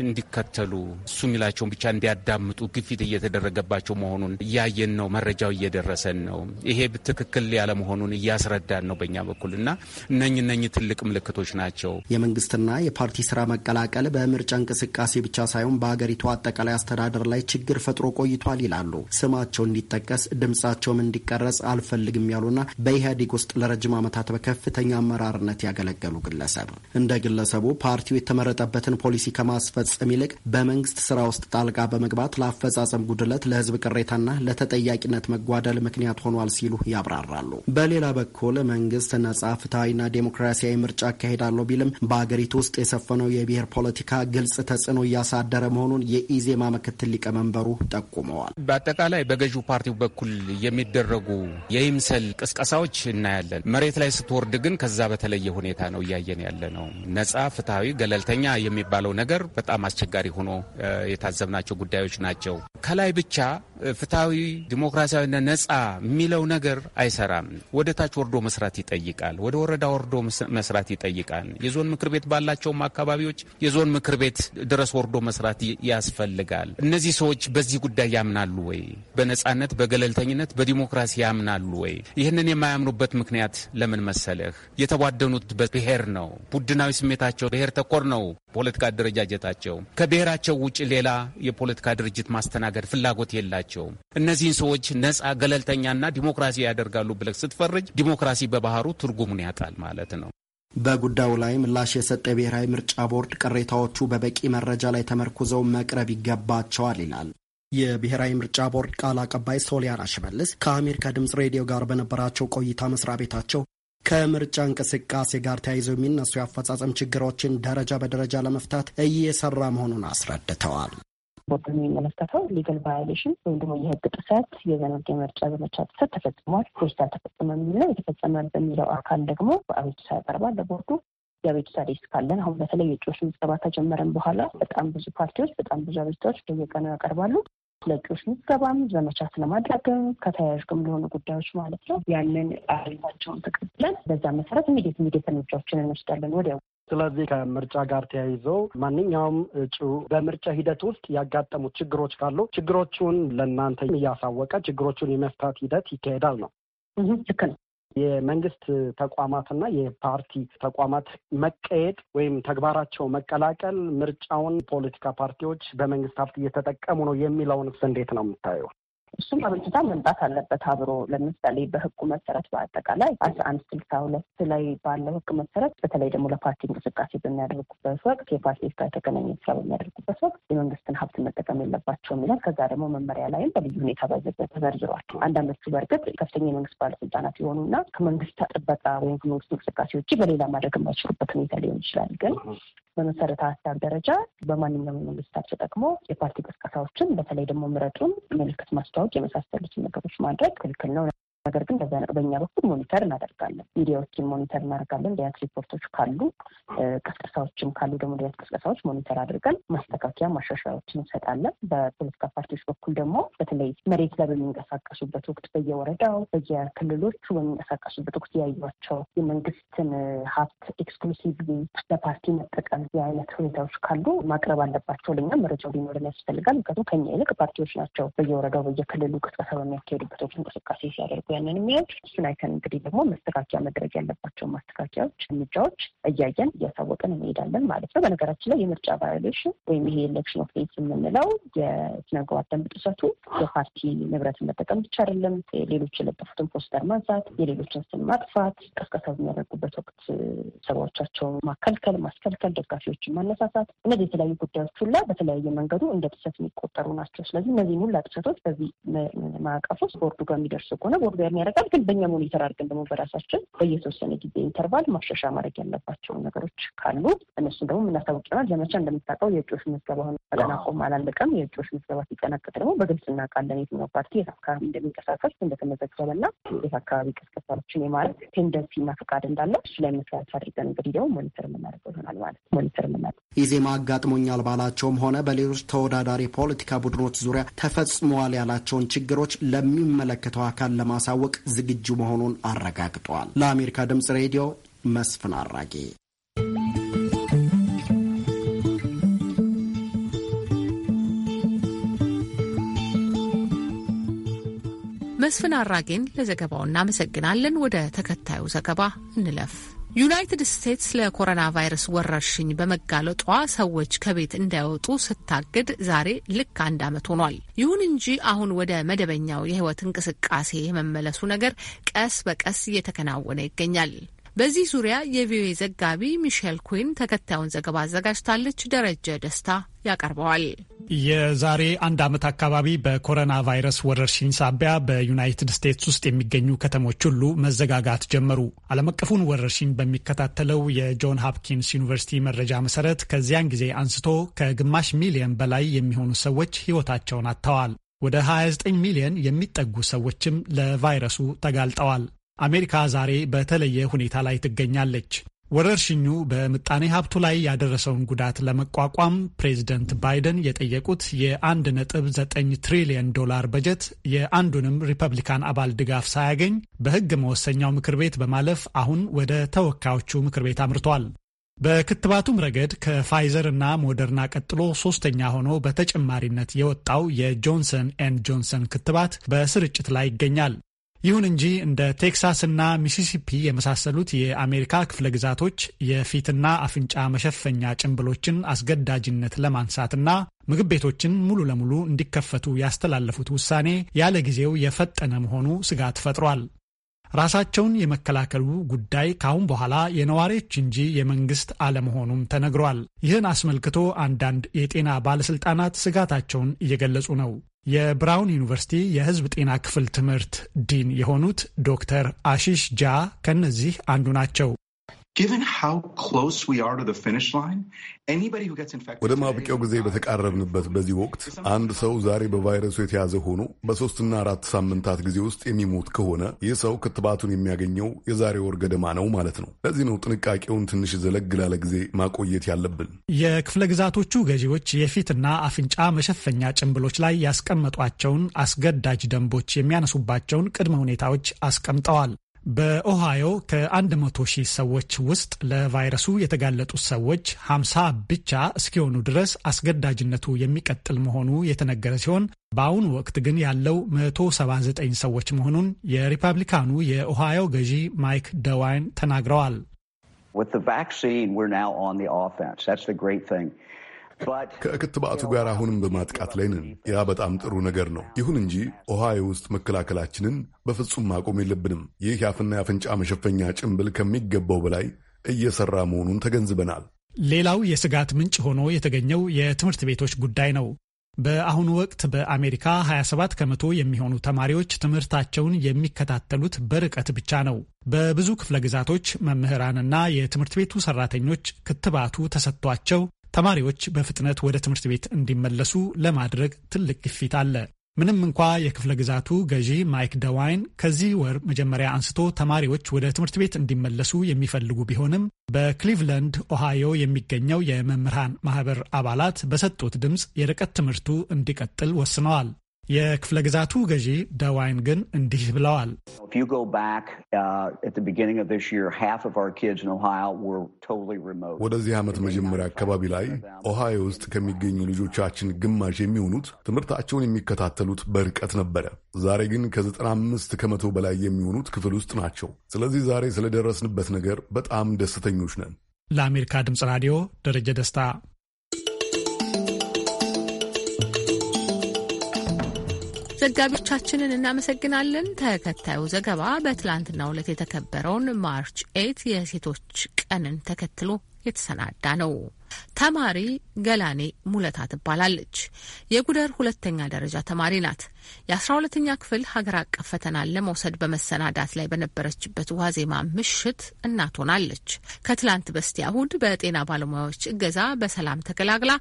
እንዲከተሉ እሱ የሚላቸውን ብቻ እንዲያዳምጡ ግፊት እየተደረገባቸው መሆኑን እያየን ነው። መረጃው እየደረሰን ነው። ይሄ ትክክል ያለ አለመሆኑን እያስረዳን ነው በእኛ በኩል እና እነኝ እነኝ ትልቅ ምልክቶች ናቸው። የመንግስትና የፓርቲ ስራ መቀላቀል በምርጫ እንቅስቃሴ ብቻ ሳይሆን በሀገሪቱ አጠቃላይ አስተዳደር ላይ ችግር ፈጥሮ ቆይቷል ይላሉ ስማቸው እንዲጠቀስ ድምጻቸውም እንዲቀረጽ አልፈልግም ያሉና በኢህአዴግ ውስጥ ለረጅም ዓመታት በከፍተኛ አመራርነት ያገለገሉ ግለሰብ እንደ ግለሰቡ ፓርቲው የተመረጠበትን ፖሊሲ ከማስፈጸም ይልቅ በመንግስት ስራ ውስጥ ጣልቃ በመግባት ለአፈጻጸም ጉድለት፣ ለህዝብ ቅሬታና ለተጠያቂነት መጓደል ምክንያት ሆኗል ሲሉ ያብራራሉ። በሌላ በኩል መንግስት ነጻ ፍትሐዊና ዴሞክራሲያዊ ምርጫ አካሄዳለሁ ቢልም በአገሪቱ ውስጥ የሰፈነው የብሔር ፖለቲካ ግልጽ ተጽዕኖ እያሳደረ መሆኑን የኢዜማ ምክትል ሊቀመንበሩ ጠቁመዋል። በአጠቃላይ በገዢው ፓርቲው በኩል የሚደረጉ የይምሰል ቅስቀሳዎች እናያለን። መሬት ላይ ስትወርድ ግን ከዛ በተለየ ሁኔታ ነው እያየን ያለ ነው። ነጻ ፍትሐዊ፣ ገለልተኛ የሚባለው ነገር በጣም አስቸጋሪ ሆኖ የታዘብናቸው ጉዳዮች ናቸው። ከላይ ብቻ ፍትሐዊ ዲሞክራሲያዊና ነጻ የሚለው ነገር አይሰራም። ወደ ታች ወርዶ መስራት ይጠይቃል። ወደ ወረዳ ወርዶ መስራት ይጠይቃል። የዞን ምክር ቤት ባላቸውም አካባቢዎች የዞን ምክር ቤት ድረስ ወርዶ መስራት ያስፈልጋል። እነዚህ ሰዎች በዚህ ጉዳይ ያምናሉ ወይ? በነጻነት በገለልተኝነት በዲሞክራሲ ያምናሉ ወይ? ይህንን የማያምኑበት ምክንያት ለምን መሰለህ? የተቧደኑት በብሔር ነው። ቡድናዊ ስሜታቸው ብሔር ተኮር ነው። ፖለቲካ አደረጃጀታቸው ከብሔራቸው ውጭ ሌላ የፖለቲካ ድርጅት ማስተናገድ ፍላጎት የላቸውም። እነዚህን ሰዎች ነፃ ገለልተኛና ዲሞክራሲ ያደርጋሉ ብለህ ስትፈርጅ ዲሞክራሲ በባህሩ ትርጉሙን ያጣል ማለት ነው። በጉዳዩ ላይ ምላሽ የሰጠ የብሔራዊ ምርጫ ቦርድ ቅሬታዎቹ በበቂ መረጃ ላይ ተመርኩዘው መቅረብ ይገባቸዋል ይላል። የብሔራዊ ምርጫ ቦርድ ቃል አቀባይ ሶሊያና ሽመልስ ከአሜሪካ ድምፅ ሬዲዮ ጋር በነበራቸው ቆይታ መስሪያ ቤታቸው ከምርጫ እንቅስቃሴ ጋር ተያይዘው የሚነሱ የአፈጻጸም ችግሮችን ደረጃ በደረጃ ለመፍታት እየሰራ መሆኑን አስረድተዋል። ቦርዱ የሚመለከተው ሊገል ቫዮሌሽን ወይም ደግሞ የህግ ጥሰት፣ የዘመድ የምርጫ ዘመቻ ጥሰት ተፈጽሟል፣ ፖስታ ተፈጽመ የሚለው የተፈጸመ በሚለው አካል ደግሞ አቤቱታ ያቀርባል ለቦርዱ የአቤቱታ ሊስት ካለን አሁን በተለይ የእጩዎች ምዝገባ ከጀመረን በኋላ በጣም ብዙ ፓርቲዎች በጣም ብዙ አቤቱታዎች በየቀኑ ያቀርባሉ። ለእጩዎች ምዝገባም ዘመቻ ስለማድረግም ከተያያዥ ለሆኑ ጉዳዮች ማለት ነው። ያንን አሪፋቸውን ተቀብለን በዛ መሰረት ሚዴት ሚዴት እርምጃዎችን እንወስዳለን ወዲያው። ስለዚህ ከምርጫ ጋር ተያይዞ ማንኛውም እጩ በምርጫ ሂደት ውስጥ ያጋጠሙ ችግሮች ካሉ ችግሮቹን ለእናንተ እያሳወቀ ችግሮቹን የመፍታት ሂደት ይካሄዳል ነው? ልክ ነው። የመንግስት ተቋማትና የፓርቲ ተቋማት መቀየጥ ወይም ተግባራቸው መቀላቀል ምርጫውን ፖለቲካ ፓርቲዎች በመንግስት ሀብት እየተጠቀሙ ነው የሚለውን እንዴት ነው የምታየው? እሱም አቤቱታ መምጣት አለበት አብሮ። ለምሳሌ በህጉ መሰረት በአጠቃላይ አስራ አንድ ስልሳ ሁለት ላይ ባለው ህግ መሰረት በተለይ ደግሞ ለፓርቲ እንቅስቃሴ በሚያደርጉበት ወቅት የፓርቲ ስጋ የተገናኘ ስራ በሚያደርጉበት ወቅት የመንግስትን ሀብት መጠቀም የለባቸውም ይላል። ከዛ ደግሞ መመሪያ ላይም በልዩ ሁኔታ ተዘርዝሯል። አንዳንዶቹ በእርግጥ ከፍተኛ የመንግስት ባለስልጣናት የሆኑና ከመንግስት ጥበቃ ወይም ከመንግስት እንቅስቃሴ ውጭ በሌላ ማድረግ የማይችሉበት ሁኔታ ሊሆን ይችላል ግን በመሰረተ ሀሳብ ደረጃ በማንኛውም የመንግስት ተጠቅሞ የፓርቲ ቅስቀሳዎችን በተለይ ደግሞ ምረጡን፣ ምልክት ማስተዋወቅ የመሳሰሉትን ነገሮች ማድረግ ክልክል ነው። ነገር ግን በኛ በኩል ሞኒተር እናደርጋለን። ሚዲያዎችን ሞኒተር እናደርጋለን። ዲያት ሪፖርቶች ካሉ ቅስቀሳዎችም ካሉ ደግሞ ዲያት ቅስቀሳዎች ሞኒተር አድርገን ማስተካከያ ማሻሻያዎችን እንሰጣለን። በፖለቲካ ፓርቲዎች በኩል ደግሞ በተለይ መሬት ላይ በሚንቀሳቀሱበት ወቅት በየወረዳው በየክልሎቹ በሚንቀሳቀሱበት ወቅት ያዩቸው የመንግስትን ሀብት ኤክስክሉሲቭሊ ለፓርቲ መጠቀም የአይነት ሁኔታዎች ካሉ ማቅረብ አለባቸው። ለኛ መረጃው ሊኖረን ያስፈልጋል። ምክንያቱም ከኛ ይልቅ ፓርቲዎች ናቸው በየወረዳው በየክልሉ ቅስቀሳ በሚያካሄዱበት ወቅት እንቅስቃሴ ሲያደርጉ ያንን የሚያዩት እሱን አይተን እንግዲህ ደግሞ መስተካከያ መድረግ ያለባቸው ማስተካከያዎች፣ እርምጃዎች እያየን እያሳወቀን እንሄዳለን ማለት ነው። በነገራችን ላይ የምርጫ ቫዮሌሽን ወይም ይሄ ኤሌክሽን ኦፍ ዴት የምንለው የስነምግባር ደንብ ጥሰቱ የፓርቲ ንብረትን መጠቀም ብቻ አይደለም። ሌሎች የለጠፉትን ፖስተር ማንሳት፣ የሌሎችን ስም ማጥፋት፣ ቀስቀሳ በሚያደርጉበት ወቅት ሰዎቻቸውን ማከልከል፣ ማስከልከል፣ ደጋፊዎችን ማነሳሳት፣ እነዚህ የተለያዩ ጉዳዮች ሁላ በተለያየ መንገዱ እንደ ጥሰት የሚቆጠሩ ናቸው። ስለዚህ እነዚህ ሁላ ጥሰቶች በዚህ ማዕቀፍ ውስጥ ቦርዱ ጋር የሚደርሱ ከሆነ ቦርዱ አዌር ያደርጋል። ግን በእኛ ሞኒተር አድርገን ደግሞ በራሳችን በየተወሰነ ጊዜ ኢንተርቫል ማሻሻ ማድረግ ያለባቸውን ነገሮች ካሉ እነሱን ደግሞ የምናሳውቅ ይሆናል። ዘመቻ እንደምታውቀው የእጩዎች ምዝገባ ሆነ ተጠናቆም አላለቀም። የእጩዎች ምዝገባ ሲጠናቀቅ ደግሞ በግልጽ እናውቃለን የትኛው ፓርቲ የት አካባቢ እንደሚንቀሳቀስ እንደተመዘገበ እንደተመዘገበና የት አካባቢ ቅስቀሳዎችን የማድረግ ቴንደንሲ እና ፍቃድ እንዳለ እሱ ላይ መስራት አድርገን እንግዲህ ደግሞ ሞኒተር የምናደርገው ይሆናል ማለት ሞኒተር የምናደርገው ኢዜማ አጋጥሞኛል ባላቸውም ሆነ በሌሎች ተወዳዳሪ ፖለቲካ ቡድኖች ዙሪያ ተፈጽመዋል ያላቸውን ችግሮች ለሚመለከተው አካል ለማሳ ለማሳወቅ ዝግጁ መሆኑን አረጋግጧል። ለአሜሪካ ድምጽ ሬዲዮ መስፍን አራጌ። መስፍን አራጌን ለዘገባው እናመሰግናለን። ወደ ተከታዩ ዘገባ እንለፍ። ዩናይትድ ስቴትስ ለኮሮና ቫይረስ ወረርሽኝ በመጋለጧ ሰዎች ከቤት እንዳይወጡ ስታግድ ዛሬ ልክ አንድ ዓመት ሆኗል። ይሁን እንጂ አሁን ወደ መደበኛው የህይወት እንቅስቃሴ የመመለሱ ነገር ቀስ በቀስ እየተከናወነ ይገኛል። በዚህ ዙሪያ የቪኦኤ ዘጋቢ ሚሼል ኩዊን ተከታዩን ዘገባ አዘጋጅታለች። ደረጀ ደስታ ያቀርበዋል። የዛሬ አንድ ዓመት አካባቢ በኮሮና ቫይረስ ወረርሽኝ ሳቢያ በዩናይትድ ስቴትስ ውስጥ የሚገኙ ከተሞች ሁሉ መዘጋጋት ጀመሩ። ዓለም አቀፉን ወረርሽኝ በሚከታተለው የጆን ሀፕኪንስ ዩኒቨርሲቲ መረጃ መሰረት ከዚያን ጊዜ አንስቶ ከግማሽ ሚሊየን በላይ የሚሆኑ ሰዎች ሕይወታቸውን አጥተዋል። ወደ 29 ሚሊየን የሚጠጉ ሰዎችም ለቫይረሱ ተጋልጠዋል። አሜሪካ ዛሬ በተለየ ሁኔታ ላይ ትገኛለች። ወረርሽኙ በምጣኔ ሀብቱ ላይ ያደረሰውን ጉዳት ለመቋቋም ፕሬዚደንት ባይደን የጠየቁት የአንድ ነጥብ ዘጠኝ ትሪሊየን ዶላር በጀት የአንዱንም ሪፐብሊካን አባል ድጋፍ ሳያገኝ በሕግ መወሰኛው ምክር ቤት በማለፍ አሁን ወደ ተወካዮቹ ምክር ቤት አምርቷል። በክትባቱም ረገድ ከፋይዘር እና ሞደርና ቀጥሎ ሶስተኛ ሆኖ በተጨማሪነት የወጣው የጆንሰን ኤንድ ጆንሰን ክትባት በስርጭት ላይ ይገኛል። ይሁን እንጂ እንደ ቴክሳስና ሚሲሲፒ የመሳሰሉት የአሜሪካ ክፍለ ግዛቶች የፊትና አፍንጫ መሸፈኛ ጭንብሎችን አስገዳጅነት ለማንሳትና ምግብ ቤቶችን ሙሉ ለሙሉ እንዲከፈቱ ያስተላለፉት ውሳኔ ያለ ጊዜው የፈጠነ መሆኑ ስጋት ፈጥሯል። ራሳቸውን የመከላከሉ ጉዳይ ካሁን በኋላ የነዋሪዎች እንጂ የመንግስት አለመሆኑም ተነግሯል። ይህን አስመልክቶ አንዳንድ የጤና ባለስልጣናት ስጋታቸውን እየገለጹ ነው። የብራውን ዩኒቨርሲቲ የሕዝብ ጤና ክፍል ትምህርት ዲን የሆኑት ዶክተር አሺሽ ጃ ከነዚህ አንዱ ናቸው። ወደ ማብቂያው ጊዜ በተቃረብንበት በዚህ ወቅት አንድ ሰው ዛሬ በቫይረሱ የተያዘ ሆኖ በሦስትና አራት ሳምንታት ጊዜ ውስጥ የሚሞት ከሆነ ይህ ሰው ክትባቱን የሚያገኘው የዛሬ ወር ገደማ ነው ማለት ነው። ለዚህ ነው ጥንቃቄውን ትንሽ ዘለግ ላለ ጊዜ ማቆየት ያለብን። የክፍለ ግዛቶቹ ገዢዎች የፊትና አፍንጫ መሸፈኛ ጭንብሎች ላይ ያስቀመጧቸውን አስገዳጅ ደንቦች የሚያነሱባቸውን ቅድመ ሁኔታዎች አስቀምጠዋል። በኦሃዮ ከ100 ሺህ ሰዎች ውስጥ ለቫይረሱ የተጋለጡት ሰዎች 50 ብቻ እስኪሆኑ ድረስ አስገዳጅነቱ የሚቀጥል መሆኑ የተነገረ ሲሆን በአሁኑ ወቅት ግን ያለው 179 ሰዎች መሆኑን የሪፐብሊካኑ የኦሃዮ ገዢ ማይክ ደዋይን ተናግረዋል። With the vaccine, we're now on the offense. That's the great thing. *laughs* ከክትባቱ ጋር አሁንም በማጥቃት ላይ ነን። ያ በጣም ጥሩ ነገር ነው። ይሁን እንጂ ኦሃዮ ውስጥ መከላከላችንን በፍጹም ማቆም የለብንም። ይህ የአፍና የአፍንጫ መሸፈኛ ጭንብል ከሚገባው በላይ እየሰራ መሆኑን ተገንዝበናል። ሌላው የስጋት ምንጭ ሆኖ የተገኘው የትምህርት ቤቶች ጉዳይ ነው። በአሁኑ ወቅት በአሜሪካ 27 ከመቶ የሚሆኑ ተማሪዎች ትምህርታቸውን የሚከታተሉት በርቀት ብቻ ነው። በብዙ ክፍለ ግዛቶች መምህራንና የትምህርት ቤቱ ሰራተኞች ክትባቱ ተሰጥቷቸው ተማሪዎች በፍጥነት ወደ ትምህርት ቤት እንዲመለሱ ለማድረግ ትልቅ ግፊት አለ። ምንም እንኳ የክፍለ ግዛቱ ገዢ ማይክ ደዋይን ከዚህ ወር መጀመሪያ አንስቶ ተማሪዎች ወደ ትምህርት ቤት እንዲመለሱ የሚፈልጉ ቢሆንም በክሊቭለንድ ኦሃዮ የሚገኘው የመምህራን ማህበር አባላት በሰጡት ድምፅ የርቀት ትምህርቱ እንዲቀጥል ወስነዋል። የክፍለ ግዛቱ ገዢ ደዋይን ግን እንዲህ ብለዋል። uh, ወደዚህ ዓመት መጀመሪያ አካባቢ ላይ ኦሃዮ ውስጥ ከሚገኙ ልጆቻችን ግማሽ የሚሆኑት ትምህርታቸውን የሚከታተሉት በርቀት ነበረ። ዛሬ ግን ከ95 ከመቶ በላይ የሚሆኑት ክፍል ውስጥ ናቸው። ስለዚህ ዛሬ ስለደረስንበት ነገር በጣም ደስተኞች ነን። ለአሜሪካ ድምፅ ራዲዮ ደረጀ ደስታ ዘጋቢዎቻችንን እናመሰግናለን። ተከታዩ ዘገባ በትላንትናው ዕለት የተከበረውን ማርች ኤት የሴቶች ቀንን ተከትሎ የተሰናዳ ነው። ተማሪ ገላኔ ሙለታ ትባላለች። የጉደር ሁለተኛ ደረጃ ተማሪ ናት። የአስራ ሁለተኛ ክፍል ሀገር አቀፍ ፈተናን ለመውሰድ በመሰናዳት ላይ በነበረችበት ዋዜማ ምሽት እናት ሆናለች። ከትላንት በስቲያ እሁድ በጤና ባለሙያዎች እገዛ በሰላም ተገላግላ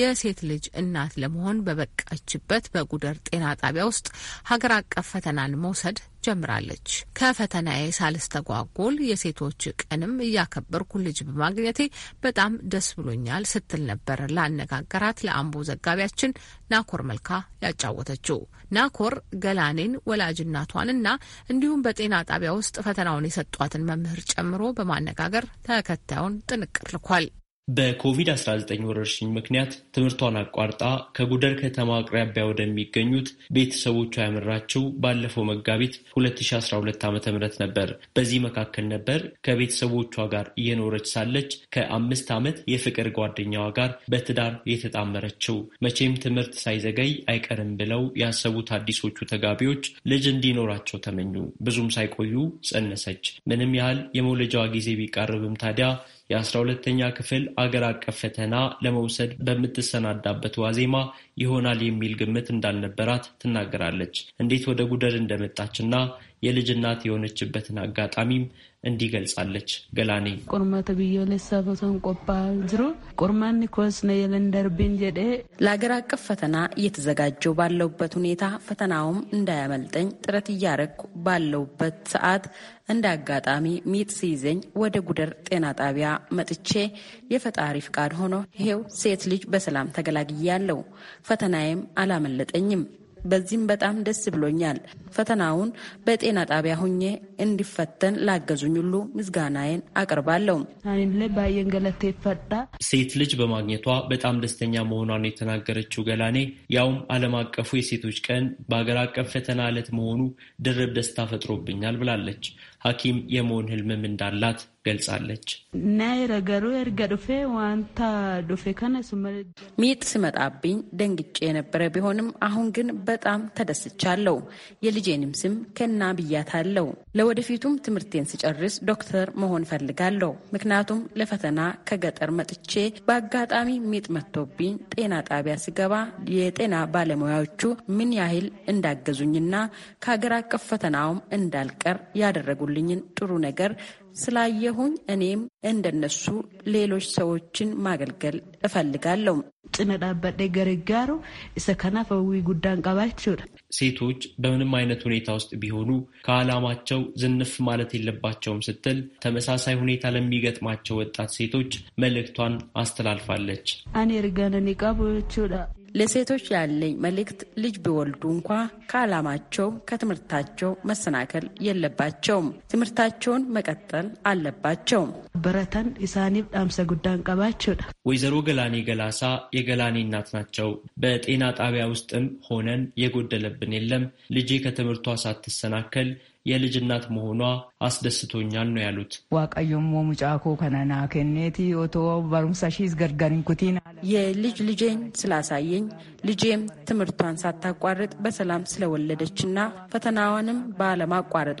የሴት ልጅ እናት ለመሆን በበቃችበት በጉደር ጤና ጣቢያ ውስጥ ሀገር አቀፍ ፈተናን መውሰድ ጀምራለች። ከፈተናዬ ሳልስተጓጎል የሴቶች ቀንም እያከበርኩ ልጅ በማግኘቴ በጣም ደስ ብሎኛል ስትል ነበር ላነጋገራት ለአምቦ ዘጋቢያችን ናኮር መልካ ያጫወተችው። ናኮር ገላኔን ወላጅናቷንና እንዲሁም በጤና ጣቢያ ውስጥ ፈተናውን የሰጧትን መምህር ጨምሮ በማነጋገር ተከታዩን ጥንቅር ልኳል። በኮቪድ-19 ወረርሽኝ ምክንያት ትምህርቷን አቋርጣ ከጉደር ከተማ አቅራቢያ ወደሚገኙት ቤተሰቦቿ ያመራችው ባለፈው መጋቢት 2012 ዓ ም ነበር። በዚህ መካከል ነበር ከቤተሰቦቿ ጋር እየኖረች ሳለች ከአምስት ዓመት የፍቅር ጓደኛዋ ጋር በትዳር የተጣመረችው። መቼም ትምህርት ሳይዘገይ አይቀርም ብለው ያሰቡት አዲሶቹ ተጋቢዎች ልጅ እንዲኖራቸው ተመኙ። ብዙም ሳይቆዩ ጸነሰች። ምንም ያህል የመውለጃዋ ጊዜ ቢቃርብም ታዲያ የአስራ ሁለተኛ ክፍል አገር አቀፍ ፈተና ለመውሰድ በምትሰናዳበት ዋዜማ ይሆናል የሚል ግምት እንዳልነበራት ትናገራለች። እንዴት ወደ ጉደር እንደመጣችና የልጅ እናት የሆነችበትን አጋጣሚም እንዲህ ገልጻለች። ገላኔ ብዮ ለሳፈቶን ቆባ ዝሩ ቁርማን ኮስ ነየለንደርቤን ጀደ ለሀገር አቀፍ ፈተና እየተዘጋጀው ባለውበት ሁኔታ ፈተናውም እንዳያመልጠኝ ጥረት እያረግኩ ባለውበት ሰዓት እንደ አጋጣሚ ሚጥ ሲይዘኝ ወደ ጉደር ጤና ጣቢያ መጥቼ የፈጣሪ ፍቃድ ሆኖ ይሄው ሴት ልጅ በሰላም ተገላግያለሁ። ፈተናዬም አላመለጠኝም። በዚህም በጣም ደስ ብሎኛል። ፈተናውን በጤና ጣቢያ ሁኜ እንዲፈተን ላገዙኝ ሁሉ ምስጋናዬን አቅርባለሁ። ሴት ልጅ በማግኘቷ በጣም ደስተኛ መሆኗን የተናገረችው ገላኔ ያውም ዓለም አቀፉ የሴቶች ቀን በአገር አቀፍ ፈተና ዕለት መሆኑ ድርብ ደስታ ፈጥሮብኛል ብላለች። ሐኪም የመሆን ህልምም እንዳላት ገልጻለች። ሚጥ ስመጣብኝ ደንግጬ የነበረ ቢሆንም አሁን ግን በጣም ተደስቻለሁ። የልጄንም ስም ከና ብያታለሁ። ለወደፊቱም ትምህርቴን ስጨርስ ዶክተር መሆን ፈልጋለሁ። ምክንያቱም ለፈተና ከገጠር መጥቼ በአጋጣሚ ሚጥ መጥቶብኝ ጤና ጣቢያ ስገባ የጤና ባለሙያዎቹ ምን ያህል እንዳገዙኝና ከሀገር አቀፍ ፈተናውም እንዳልቀር ያደረጉ የላኩልኝን ጥሩ ነገር ስላየሁኝ እኔም እንደነሱ ሌሎች ሰዎችን ማገልገል እፈልጋለሁ። ጭነዳበደ ገርጋሩ እሰከናፈዊ ጉዳን ቀባቸው ሴቶች በምንም አይነት ሁኔታ ውስጥ ቢሆኑ ከዓላማቸው ዝንፍ ማለት የለባቸውም ስትል ተመሳሳይ ሁኔታ ለሚገጥማቸው ወጣት ሴቶች መልእክቷን አስተላልፋለች። አኔ ርጋነን ቀቡ ለሴቶች ያለኝ መልእክት ልጅ ቢወልዱ እንኳ ከዓላማቸው ከትምህርታቸው መሰናከል የለባቸውም። ትምህርታቸውን መቀጠል አለባቸው። በረተን ኢሳኒፍ ዳምሰ ጉዳን ቀባቸው ወይዘሮ ገላኔ ገላሳ የገላኔ እናት ናቸው። በጤና ጣቢያ ውስጥም ሆነን የጎደለብን የለም። ልጄ ከትምህርቷ ሳትሰናከል የልጅ እናት መሆኗ አስደስቶኛል ነው ያሉት። ዋቀዮሞ ሙጫኮ ከነና ከኔቲ ኦቶ ባሩምሳሺዝ ኩቲን የልጅ ልጄን ስላሳየኝ ልጄም ትምህርቷን ሳታቋርጥ በሰላም ስለወለደችና ፈተናዋንም ባለማቋረጧ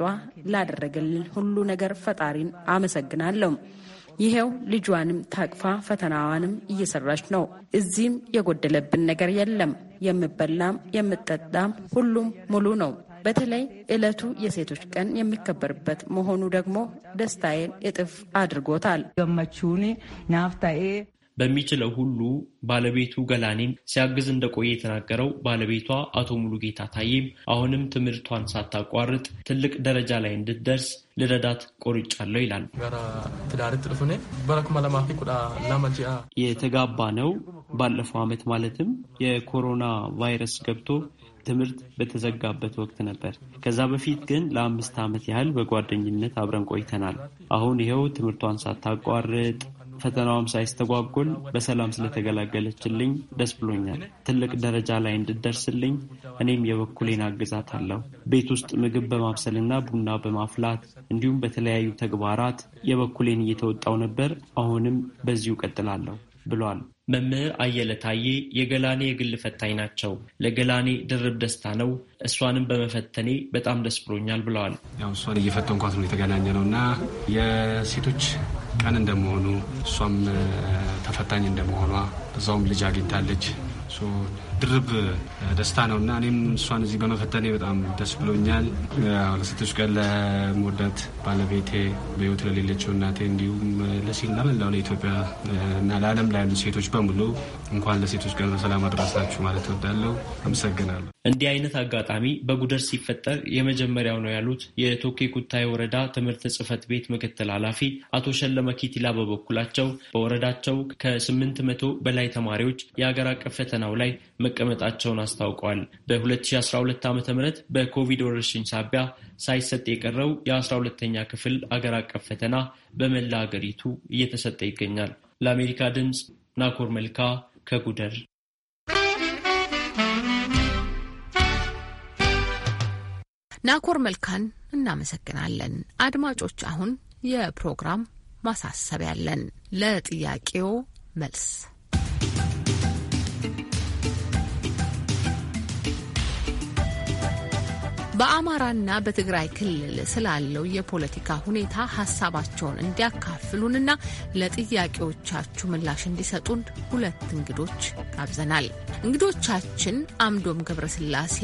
ላደረገልን ሁሉ ነገር ፈጣሪን አመሰግናለሁ። ይሄው ልጇንም ታቅፋ ፈተናዋንም እየሰራች ነው። እዚህም የጎደለብን ነገር የለም። የምበላም የምጠጣም ሁሉም ሙሉ ነው። በተለይ ዕለቱ የሴቶች ቀን የሚከበርበት መሆኑ ደግሞ ደስታዬን እጥፍ አድርጎታል። ገመቹኒ ናፍታኤ በሚችለው ሁሉ ባለቤቱ ገላኔን ሲያግዝ እንደቆየ የተናገረው ባለቤቷ አቶ ሙሉጌታ ታዬም አሁንም ትምህርቷን ሳታቋርጥ ትልቅ ደረጃ ላይ እንድትደርስ ልረዳት ቆርጫለሁ ይላል። የተጋባ ነው ባለፈው ዓመት ማለትም የኮሮና ቫይረስ ገብቶ ትምህርት በተዘጋበት ወቅት ነበር። ከዛ በፊት ግን ለአምስት ዓመት ያህል በጓደኝነት አብረን ቆይተናል። አሁን ይኸው ትምህርቷን ሳታቋርጥ ፈተናውም ሳይስተጓጎል በሰላም ስለተገላገለችልኝ ደስ ብሎኛል። ትልቅ ደረጃ ላይ እንድደርስልኝ እኔም የበኩሌን አግዛት አለው። ቤት ውስጥ ምግብ በማብሰልና ቡና በማፍላት እንዲሁም በተለያዩ ተግባራት የበኩሌን እየተወጣው ነበር። አሁንም በዚሁ ቀጥላለሁ ብሏል። መምህር አየለ ታዬ የገላኔ የግል ፈታኝ ናቸው። ለገላኔ ድርብ ደስታ ነው። እሷንም በመፈተኔ በጣም ደስ ብሎኛል ብለዋል። ያው እሷን እየፈተንኳት ነው የተገናኘ ነው እና የሴቶች ቀን እንደመሆኑ እሷም ተፈታኝ እንደመሆኗ እዛውም ልጅ አግኝታለች ድርብ ደስታ ነው እና እኔም እሷን እዚህ በመፈተኔ በጣም ደስ ብሎኛል። ለሴቶች ቀን ለመወዳት ባለቤቴ በህይወት ለሌለችው እናቴ እንዲሁም ለሲል ለመላው ለኢትዮጵያ እና ለዓለም ላይ ያሉ ሴቶች በሙሉ እንኳን ለሴቶች ቀን በሰላም አድረሳችሁ ማለት እወዳለሁ። አመሰግናለሁ። እንዲህ አይነት አጋጣሚ በጉደር ሲፈጠር የመጀመሪያው ነው ያሉት የቶኬ ኩታይ ወረዳ ትምህርት ጽሕፈት ቤት ምክትል ኃላፊ አቶ ሸለመ ኪቲላ በበኩላቸው በወረዳቸው ከስምንት መቶ በላይ ተማሪዎች የሀገር አቀፍ ፈተናው ላይ መቀመጣቸውን አስታውቀዋል። በ2012 ዓ ም በኮቪድ ወረርሽኝ ሳቢያ ሳይሰጥ የቀረው የ12ተኛ ክፍል አገር አቀፍ ፈተና በመላ አገሪቱ እየተሰጠ ይገኛል። ለአሜሪካ ድምፅ ናኮር መልካ ከጉደር ናኮር መልካን እናመሰግናለን። አድማጮች አሁን የፕሮግራም ማሳሰቢያ አለን። ለጥያቄው መልስ በአማራና በትግራይ ክልል ስላለው የፖለቲካ ሁኔታ ሀሳባቸውን እንዲያካፍሉንና ለጥያቄዎቻችሁ ምላሽ እንዲሰጡን ሁለት እንግዶች ጋብዘናል። እንግዶቻችን አምዶም ገብረስላሴ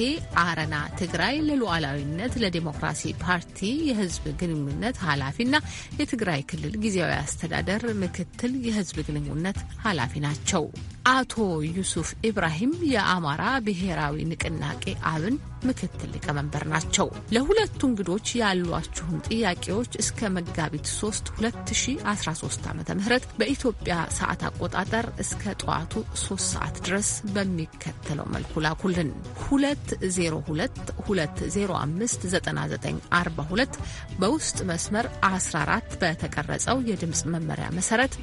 አረና ትግራይ ለሉዓላዊነት ለዲሞክራሲ ፓርቲ የህዝብ ግንኙነት ኃላፊና የትግራይ ክልል ጊዜያዊ አስተዳደር ምክትል የህዝብ ግንኙነት ኃላፊ ናቸው። አቶ ዩሱፍ ኢብራሂም የአማራ ብሔራዊ ንቅናቄ አብን ምክትል ሊቀመንበር ናቸው። ለሁለቱ እንግዶች ያሏችሁን ጥያቄዎች እስከ መጋቢት 3 2013 ዓ ም በኢትዮጵያ ሰዓት አቆጣጠር እስከ ጠዋቱ 3 ሰዓት ድረስ በሚከተለው መልኩ ላኩልን። 2022059942 በውስጥ መስመር 14 በተቀረጸው የድምፅ መመሪያ መሰረት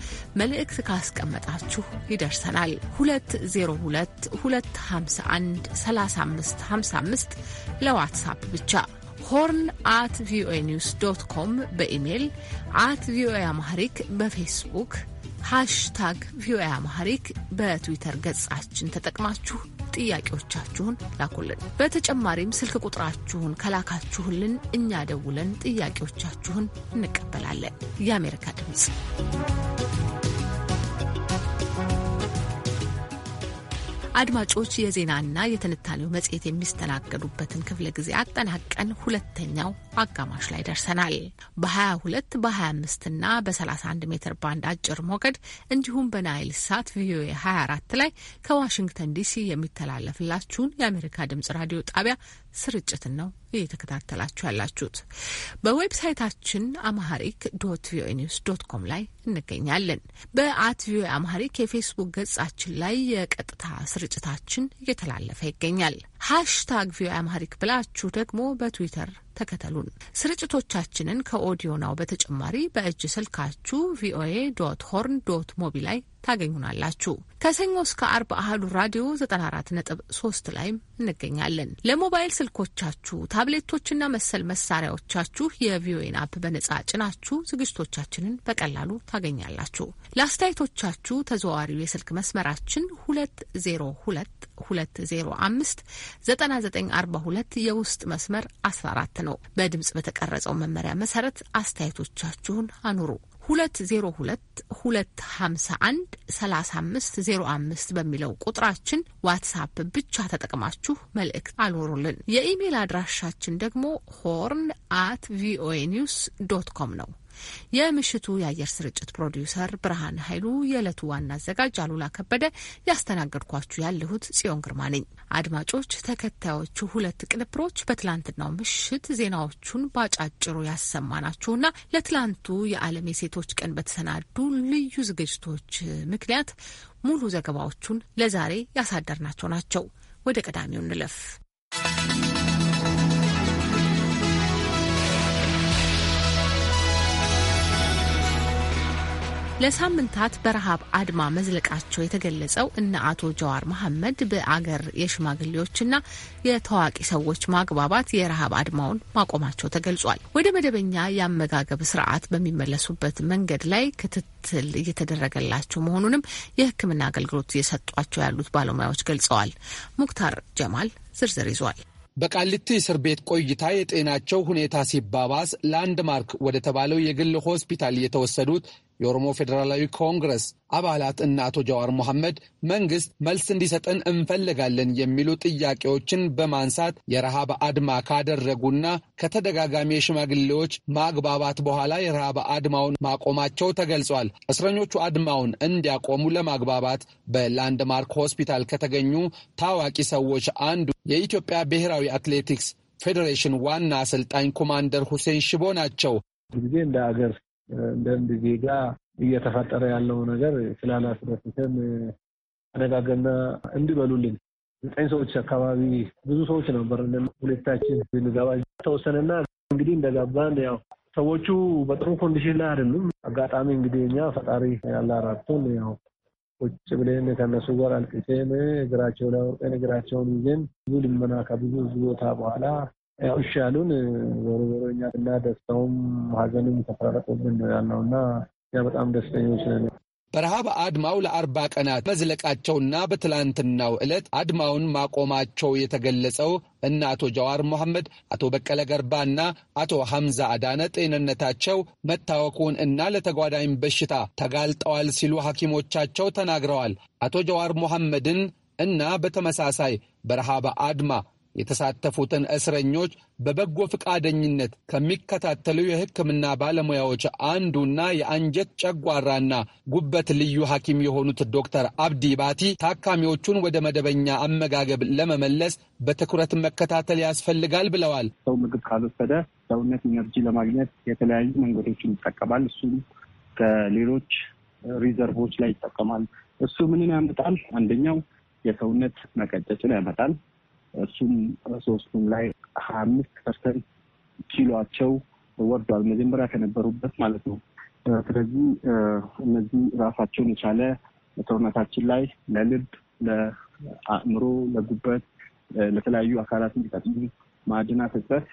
መልእክት ካስቀመጣችሁ ይደርሰናል። ይቀጥላል። 2022513555 ለዋትሳፕ ብቻ ሆርን አት ቪኦኤ ኒውስ ዶት ኮም በኢሜይል አት ቪኦኤ አማህሪክ በፌስቡክ ሃሽታግ ቪኦኤ አማህሪክ በትዊተር ገጻችን ተጠቅማችሁ ጥያቄዎቻችሁን ላኩልን። በተጨማሪም ስልክ ቁጥራችሁን ከላካችሁልን እኛ ደውለን ጥያቄዎቻችሁን እንቀበላለን። የአሜሪካ ድምፅ አድማጮች፣ የዜናና የትንታኔው መጽሔት የሚስተናገዱበትን ክፍለ ጊዜ አጠናቀን ሁለተኛው አጋማሽ ላይ ደርሰናል። በ22 በ25ና በ31 ሜትር ባንድ አጭር ሞገድ እንዲሁም በናይል ሳት ቪኦኤ 24 ላይ ከዋሽንግተን ዲሲ የሚተላለፍላችሁን የአሜሪካ ድምጽ ራዲዮ ጣቢያ ስርጭትን ነው እየተከታተላችሁ ያላችሁት። በዌብሳይታችን አማሐሪክ ዶት ቪኦኤ ኒውስ ዶት ኮም ላይ እንገኛለን። በአት ቪኦኤ አማሐሪክ የፌስቡክ ገጻችን ላይ የቀጥታ ስርጭታችን እየተላለፈ ይገኛል። ሃሽታግ ቪኦኤ አማሪክ ብላችሁ ደግሞ በትዊተር ተከተሉን። ስርጭቶቻችንን ከኦዲዮ ናው በተጨማሪ በእጅ ስልካችሁ ቪኦኤ ዶት ሆርን ዶት ሞቢ ላይ ታገኙናላችሁ። ከሰኞ እስከ አርብ አህሉ ራዲዮ 94.3 ላይም እንገኛለን። ለሞባይል ስልኮቻችሁ ታብሌቶችና መሰል መሳሪያዎቻችሁ የቪኦኤን አፕ በነጻ ጭናችሁ ዝግጅቶቻችንን በቀላሉ ታገኛላችሁ። ለአስተያየቶቻችሁ ተዘዋዋሪው የስልክ መስመራችን 202 205 9942 የውስጥ መስመር 14 ነው። በድምጽ በተቀረጸው መመሪያ መሰረት አስተያየቶቻችሁን አኑሩ። 2022513505 በሚለው ቁጥራችን ዋትሳፕ ብቻ ተጠቅማችሁ መልእክት አኖሩልን። የኢሜል አድራሻችን ደግሞ ሆርን አት ቪኦኤ ኒውስ ዶት ኮም ነው። የምሽቱ የአየር ስርጭት ፕሮዲውሰር ብርሃን ኃይሉ፣ የዕለቱ ዋና አዘጋጅ አሉላ ከበደ፣ ያስተናገድኳችሁ ያለሁት ጽዮን ግርማ ነኝ። አድማጮች፣ ተከታዮቹ ሁለት ቅንብሮች በትላንትናው ምሽት ዜናዎቹን ባጫጭሩ ያሰማናችሁና ለትላንቱ የዓለም የሴቶች ቀን በተሰናዱ ልዩ ዝግጅቶች ምክንያት ሙሉ ዘገባዎቹን ለዛሬ ያሳደርናቸው ናቸው። ወደ ቀዳሚው እንለፍ። ለሳምንታት በረሃብ አድማ መዝለቃቸው የተገለጸው እነ አቶ ጀዋር መሐመድ በአገር የሽማግሌዎችና የታዋቂ ሰዎች ማግባባት የረሃብ አድማውን ማቆማቸው ተገልጿል። ወደ መደበኛ የአመጋገብ ስርዓት በሚመለሱበት መንገድ ላይ ክትትል እየተደረገላቸው መሆኑንም የሕክምና አገልግሎት እየሰጧቸው ያሉት ባለሙያዎች ገልጸዋል። ሙክታር ጀማል ዝርዝር ይዟል። በቃሊቲ እስር ቤት ቆይታ የጤናቸው ሁኔታ ሲባባስ ላንድማርክ ወደ ተባለው የግል ሆስፒታል የተወሰዱት የኦሮሞ ፌዴራላዊ ኮንግረስ አባላት እና አቶ ጀዋር መሐመድ መንግስት መልስ እንዲሰጠን እንፈልጋለን የሚሉ ጥያቄዎችን በማንሳት የረሃብ አድማ ካደረጉና ከተደጋጋሚ የሽማግሌዎች ማግባባት በኋላ የረሃብ አድማውን ማቆማቸው ተገልጿል። እስረኞቹ አድማውን እንዲያቆሙ ለማግባባት በላንድማርክ ሆስፒታል ከተገኙ ታዋቂ ሰዎች አንዱ የኢትዮጵያ ብሔራዊ አትሌቲክስ ፌዴሬሽን ዋና አሰልጣኝ ኮማንደር ሁሴን ሽቦ ናቸው። ጊዜ እንደ አገር እንደ አንድ ዜጋ እየተፈጠረ ያለው ነገር ስላላስደሰተን አነጋገና እንዲበሉልን ዘጠኝ ሰዎች አካባቢ ብዙ ሰዎች ነበር። ሁለታችን ብንገባ ተወሰነና እንግዲህ እንደገባን ያው ሰዎቹ በጥሩ ኮንዲሽን ላይ አይደሉም። አጋጣሚ እንግዲህ እኛ ፈጣሪ ያላራቱን ያው ቁጭ ብለን ከነሱ ጋር አልቅሴን እግራቸው ላይ ወርቀን እግራቸውን ይዘን ብዙ ልመና ከብዙ ቦታ በኋላ ያው እሺ ያሉን ዞሮ ዞሮ እኛ እና ደስታውም ሀዘኑም ተፈራረቁብን ያልነው እና ያ በጣም ደስተኞች ነን። በረሃብ አድማው ለአርባ ቀናት መዝለቃቸውና በትላንትናው ዕለት አድማውን ማቆማቸው የተገለጸው እነ አቶ ጀዋር መሐመድ፣ አቶ በቀለ ገርባና አቶ ሐምዛ አዳነ ጤንነታቸው መታወቁን እና ለተጓዳኝ በሽታ ተጋልጠዋል ሲሉ ሐኪሞቻቸው ተናግረዋል። አቶ ጀዋር መሐመድን እና በተመሳሳይ በረሃብ አድማ የተሳተፉትን እስረኞች በበጎ ፈቃደኝነት ከሚከታተሉ የሕክምና ባለሙያዎች አንዱና የአንጀት ጨጓራና ጉበት ልዩ ሐኪም የሆኑት ዶክተር አብዲ ባቲ ታካሚዎቹን ወደ መደበኛ አመጋገብ ለመመለስ በትኩረት መከታተል ያስፈልጋል ብለዋል። ሰው ምግብ ካልወሰደ ሰውነት ኢነርጂ ለማግኘት የተለያዩ መንገዶችን ይጠቀማል። እሱም ከሌሎች ሪዘርቮች ላይ ይጠቀማል። እሱ ምንን ያመጣል? አንደኛው የሰውነት መቀጨጭን ያመጣል። እሱም ሶስቱም ላይ ሀያ አምስት ፐርሰንት ኪሏቸው ወርዷል፣ መጀመሪያ ከነበሩበት ማለት ነው። ስለዚህ እነዚህ ራሳቸውን የቻለ ሰውነታችን ላይ ለልብ፣ ለአእምሮ፣ ለጉበት፣ ለተለያዩ አካላት እንዲጠቅሙ ማዕድናት እጥረት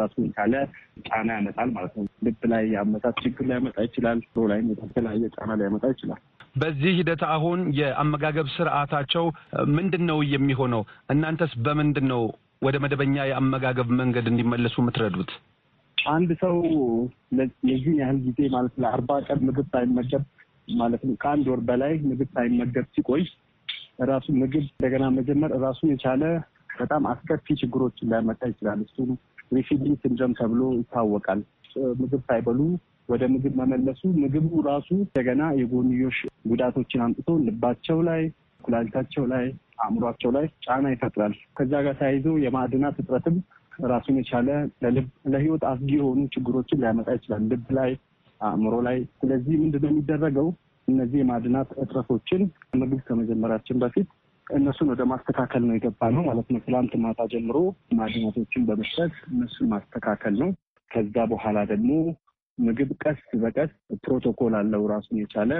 ራሱ የቻለ ጫና ያመጣል ማለት ነው። ልብ ላይ የአመታት ችግር ሊያመጣ ይችላል። ሮ ላይ የተለያየ ጫና ሊያመጣ ይችላል። በዚህ ሂደት አሁን የአመጋገብ ስርዓታቸው ምንድን ነው የሚሆነው? እናንተስ በምንድን ነው ወደ መደበኛ የአመጋገብ መንገድ እንዲመለሱ የምትረዱት? አንድ ሰው ለዚህ ያህል ጊዜ ማለት ለአርባ ቀን ምግብ ሳይመገብ ማለት ነው ከአንድ ወር በላይ ምግብ ሳይመገብ ሲቆይ ራሱ ምግብ እንደገና መጀመር ራሱ የቻለ በጣም አስከፊ ችግሮችን ሊያመጣ ይችላል። እሱም ሪፊዲንግ ሲንድረም ተብሎ ይታወቃል። ምግብ ሳይበሉ ወደ ምግብ መመለሱ ምግቡ ራሱ እንደገና የጎንዮሽ ጉዳቶችን አምጥቶ ልባቸው ላይ፣ ኩላሊታቸው ላይ፣ አእምሯቸው ላይ ጫና ይፈጥራል። ከዛ ጋር ተያይዞ የማዕድናት እጥረትም ራሱን የቻለ ለልብ ለህይወት አስጊ የሆኑ ችግሮችን ሊያመጣ ይችላል ልብ ላይ፣ አእምሮ ላይ። ስለዚህ ነው የሚደረገው? እነዚህ የማዕድናት እጥረቶችን ምግብ ከመጀመራችን በፊት እነሱን ወደ ማስተካከል ነው የገባ ነው ማለት ነው። ትላንት ማታ ጀምሮ ማዕድናቶችን በመስጠት እነሱን ማስተካከል ነው። ከዛ በኋላ ደግሞ ምግብ ቀስ በቀስ ፕሮቶኮል አለው ራሱን የቻለ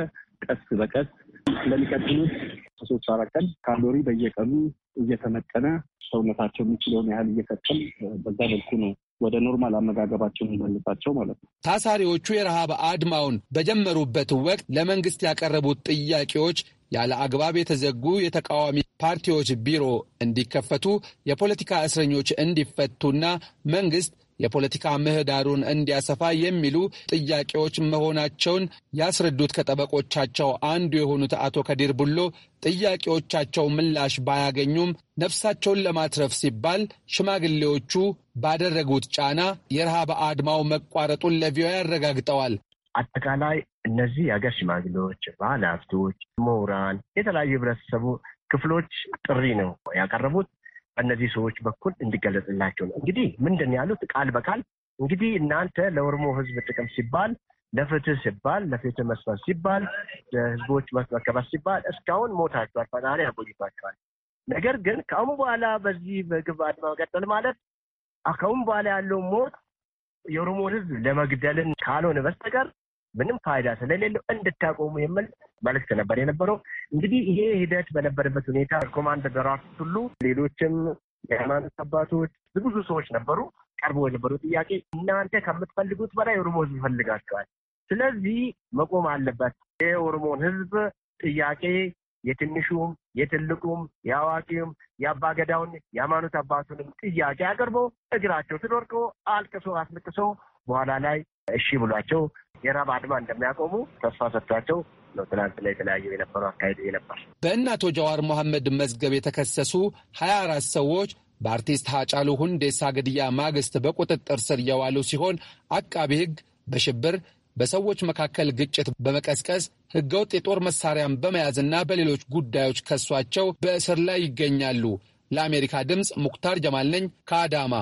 ቀስ በቀስ ለሚቀጥሉት ከሶስት አራት ቀን ካሎሪ በየቀኑ እየተመጠነ ሰውነታቸው የሚችለውን ያህል እየሰጠን በዛ መልኩ ነው ወደ ኖርማል አመጋገባቸው የሚመልሳቸው ማለት ነው። ታሳሪዎቹ የረሃብ አድማውን በጀመሩበት ወቅት ለመንግስት ያቀረቡት ጥያቄዎች ያለ አግባብ የተዘጉ የተቃዋሚ ፓርቲዎች ቢሮ እንዲከፈቱ፣ የፖለቲካ እስረኞች እንዲፈቱና መንግስት የፖለቲካ ምህዳሩን እንዲያሰፋ የሚሉ ጥያቄዎች መሆናቸውን ያስረዱት ከጠበቆቻቸው አንዱ የሆኑት አቶ ከዲር ቡሎ ጥያቄዎቻቸው ምላሽ ባያገኙም ነፍሳቸውን ለማትረፍ ሲባል ሽማግሌዎቹ ባደረጉት ጫና የረሃብ አድማው መቋረጡን ለቪኦኤ አረጋግጠዋል። አጠቃላይ እነዚህ የሀገር ሽማግሌዎች፣ ባለ ሀብቶች፣ ምሁራን፣ የተለያዩ ህብረተሰቡ ክፍሎች ጥሪ ነው ያቀረቡት። እነዚህ ሰዎች በኩል እንዲገለጽላቸው ነው። እንግዲህ ምንድን ያሉት ቃል በቃል እንግዲህ እናንተ ለኦሮሞ ህዝብ ጥቅም ሲባል ለፍትህ ሲባል ለፍትህ መስፈን ሲባል ለህዝቦች መከበር ሲባል እስካሁን ሞታችኋል፣ ፈጣሪ ያቆይቷቸዋል። ነገር ግን ከአሁን በኋላ በዚህ በግፍ አድማ መቀጠል ማለት ከአሁን በኋላ ያለው ሞት የኦሮሞ ህዝብ ለመግደልን ካልሆነ በስተቀር ምንም ፋይዳ ስለሌለው እንድታቆሙ የሚል መልክት ነበር የነበረው። እንግዲህ ይሄ ሂደት በነበረበት ሁኔታ ኮማንድ ደራርቱ ቱሉ፣ ሌሎችም የሃይማኖት አባቶች ብዙ ሰዎች ነበሩ። ቀርቦ የነበሩ ጥያቄ እናንተ ከምትፈልጉት በላይ ኦሮሞ ህዝብ ይፈልጋቸዋል። ስለዚህ መቆም አለበት። የኦሮሞን ህዝብ ጥያቄ የትንሹም የትልቁም የአዋቂውም የአባገዳውን የሃይማኖት አባቱንም ጥያቄ አቅርቦ እግራቸው ስር አልቅሶ አስለቅሶ በኋላ ላይ እሺ ብሏቸው የራብ አድማ እንደሚያቆሙ ተስፋ ሰጥቷቸው ነው ትናንት ላይ የተለያዩ የነበሩ አካሄዱ ነበር። በእነ አቶ ጀዋር መሐመድ መዝገብ የተከሰሱ ሀያ አራት ሰዎች በአርቲስት ሀጫሉ ሁንዴሳ ግድያ ማግስት በቁጥጥር ስር የዋሉ ሲሆን አቃቢ ሕግ በሽብር በሰዎች መካከል ግጭት በመቀስቀስ ህገወጥ የጦር መሳሪያን በመያዝና በሌሎች ጉዳዮች ከሷቸው በእስር ላይ ይገኛሉ። ለአሜሪካ ድምፅ ሙክታር ጀማል ነኝ ከአዳማ።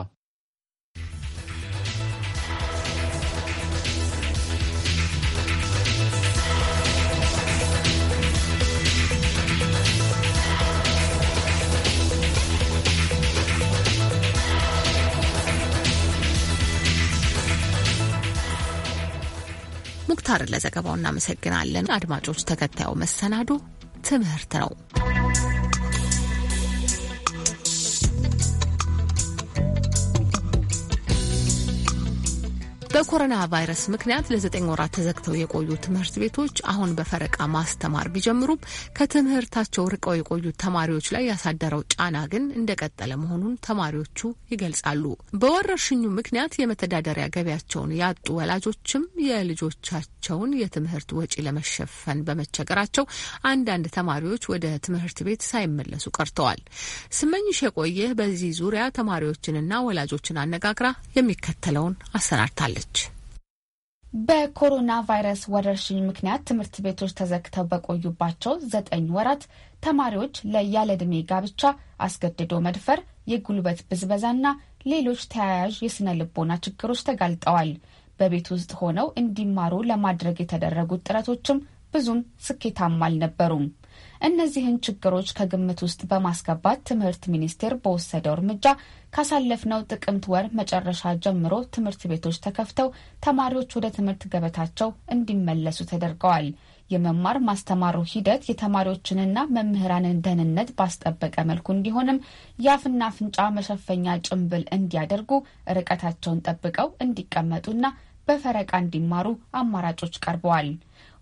ሙክታር ለዘገባው እናመሰግናለን። አድማጮች፣ ተከታዩ መሰናዶ ትምህርት ነው። በኮሮና ቫይረስ ምክንያት ለዘጠኝ ወራት ተዘግተው የቆዩ ትምህርት ቤቶች አሁን በፈረቃ ማስተማር ቢጀምሩም ከትምህርታቸው ርቀው የቆዩ ተማሪዎች ላይ ያሳደረው ጫና ግን እንደቀጠለ መሆኑን ተማሪዎቹ ይገልጻሉ። በወረርሽኙ ምክንያት የመተዳደሪያ ገቢያቸውን ያጡ ወላጆችም የልጆቻቸውን የትምህርት ወጪ ለመሸፈን በመቸገራቸው አንዳንድ ተማሪዎች ወደ ትምህርት ቤት ሳይመለሱ ቀርተዋል። ስመኝሽ የቆየ በዚህ ዙሪያ ተማሪዎችንና ወላጆችን አነጋግራ የሚከተለውን አሰናድታለች። ገልጻለች። በኮሮና ቫይረስ ወረርሽኝ ምክንያት ትምህርት ቤቶች ተዘግተው በቆዩባቸው ዘጠኝ ወራት ተማሪዎች ለያለዕድሜ ጋብቻ፣ አስገድዶ መድፈር፣ የጉልበት ብዝበዛና ሌሎች ተያያዥ የስነ ልቦና ችግሮች ተጋልጠዋል። በቤት ውስጥ ሆነው እንዲማሩ ለማድረግ የተደረጉት ጥረቶችም ብዙም ስኬታማ አልነበሩም። እነዚህን ችግሮች ከግምት ውስጥ በማስገባት ትምህርት ሚኒስቴር በወሰደው እርምጃ ካሳለፍነው ጥቅምት ወር መጨረሻ ጀምሮ ትምህርት ቤቶች ተከፍተው ተማሪዎች ወደ ትምህርት ገበታቸው እንዲመለሱ ተደርገዋል። የመማር ማስተማሩ ሂደት የተማሪዎችንና መምህራንን ደህንነት ባስጠበቀ መልኩ እንዲሆንም የአፍና አፍንጫ መሸፈኛ ጭንብል እንዲያደርጉ፣ ርቀታቸውን ጠብቀው እንዲቀመጡና በፈረቃ እንዲማሩ አማራጮች ቀርበዋል።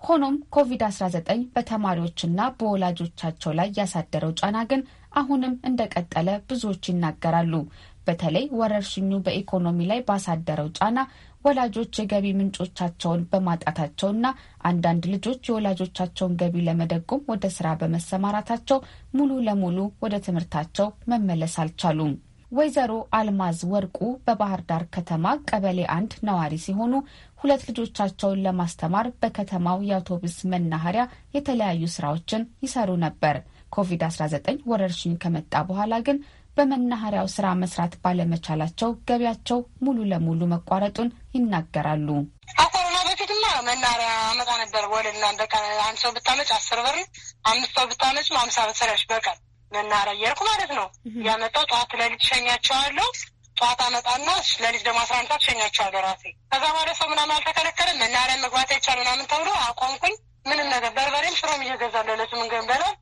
ሆኖም ኮቪድ-19 በተማሪዎችና በወላጆቻቸው ላይ ያሳደረው ጫና ግን አሁንም እንደቀጠለ ብዙዎች ይናገራሉ። በተለይ ወረርሽኙ በኢኮኖሚ ላይ ባሳደረው ጫና ወላጆች የገቢ ምንጮቻቸውን በማጣታቸውና አንዳንድ ልጆች የወላጆቻቸውን ገቢ ለመደጎም ወደ ስራ በመሰማራታቸው ሙሉ ለሙሉ ወደ ትምህርታቸው መመለስ አልቻሉም። ወይዘሮ አልማዝ ወርቁ በባህር ዳር ከተማ ቀበሌ አንድ ነዋሪ ሲሆኑ ሁለት ልጆቻቸውን ለማስተማር በከተማው የአውቶቡስ መናኸሪያ የተለያዩ ስራዎችን ይሰሩ ነበር። ኮቪድ-19 ወረርሽኝ ከመጣ በኋላ ግን በመናኸሪያው ስራ መስራት ባለመቻላቸው ገቢያቸው ሙሉ ለሙሉ መቋረጡን ይናገራሉ። ከኮሮና በፊትማ መናኸሪያ አመጣ ነበር ወለና በቀን አንድ ሰው ብታመጭ አስር ብር፣ አምስት ሰው ብታመጭ አምሳ ብር ሰሪያሽ በቀን መናኸሪያ እየሄድኩ ማለት ነው። ያመጣው ጠዋት ለልጅ ሸኛቸዋለሁ ጠዋት አመጣና ለሊት ደግሞ አስራ አንድ ሰዓት ሸኛቸዋለሁ ራሴ። ከዛ በኋላ ሰው ምናምን አልተከለከለም መናሪያ መግባት አይቻል ምናምን ተብሎ አቆምኩኝ። ምንም ነገር በርበሬም ሽሮም እየገዛለሁ ለሱ ምንገን በላል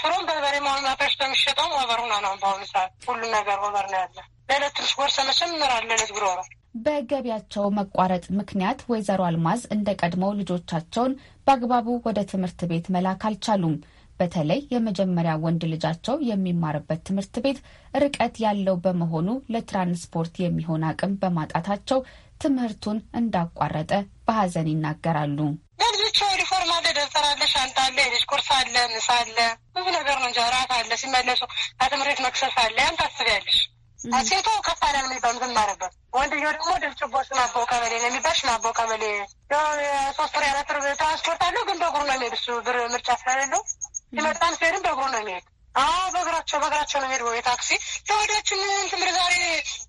ሽሮም በርበሬ መሆን ማቶች በሚሸጠውም ኦቨር ሁና ነው። በአሁኑ ሰዓት ሁሉ ነገር ኦቨር ነው ያለ ለዕለት ትንሽ ጎርሰ መጨምራል ለዕለት ነው። በገቢያቸው መቋረጥ ምክንያት ወይዘሮ አልማዝ እንደ ቀድሞው ልጆቻቸውን በአግባቡ ወደ ትምህርት ቤት መላክ አልቻሉም። በተለይ የመጀመሪያ ወንድ ልጃቸው የሚማርበት ትምህርት ቤት ርቀት ያለው በመሆኑ ለትራንስፖርት የሚሆን አቅም በማጣታቸው ትምህርቱን እንዳቋረጠ በሀዘን ይናገራሉ። ለልጆቹ ዩኒፎርም አለ፣ ደብተር አለ፣ ሻንጣ አለ፣ የልጅ ቁርስ አለ፣ ምሳ አለ፣ ብዙ ነገር ነው እንጂ እራት አለ። ሲመለሱ ከትምህርት መክሰስ አለ። ያን ታስቢያለሽ። ሴቶ ከፍ አለ የሚባል የምትማርበት ወንድዮ ደግሞ ድብጭቦ ሽማቦ ቀበሌ ነው የሚባል ሽማቦ ቀበሌ ሶስት ወር ያለ ትራንስፖርት አለው፣ ግን በእግሩ ነው የሚሄድ እሱ ብር ምርጫ ስለሌለው ይመጣን ሲሄድም በእግሩ ነው የሚሄድ። አዎ በእግራቸው በእግራቸው ነው የሚሄድ ታክሲ ለወዳችን ትምር ዛሬ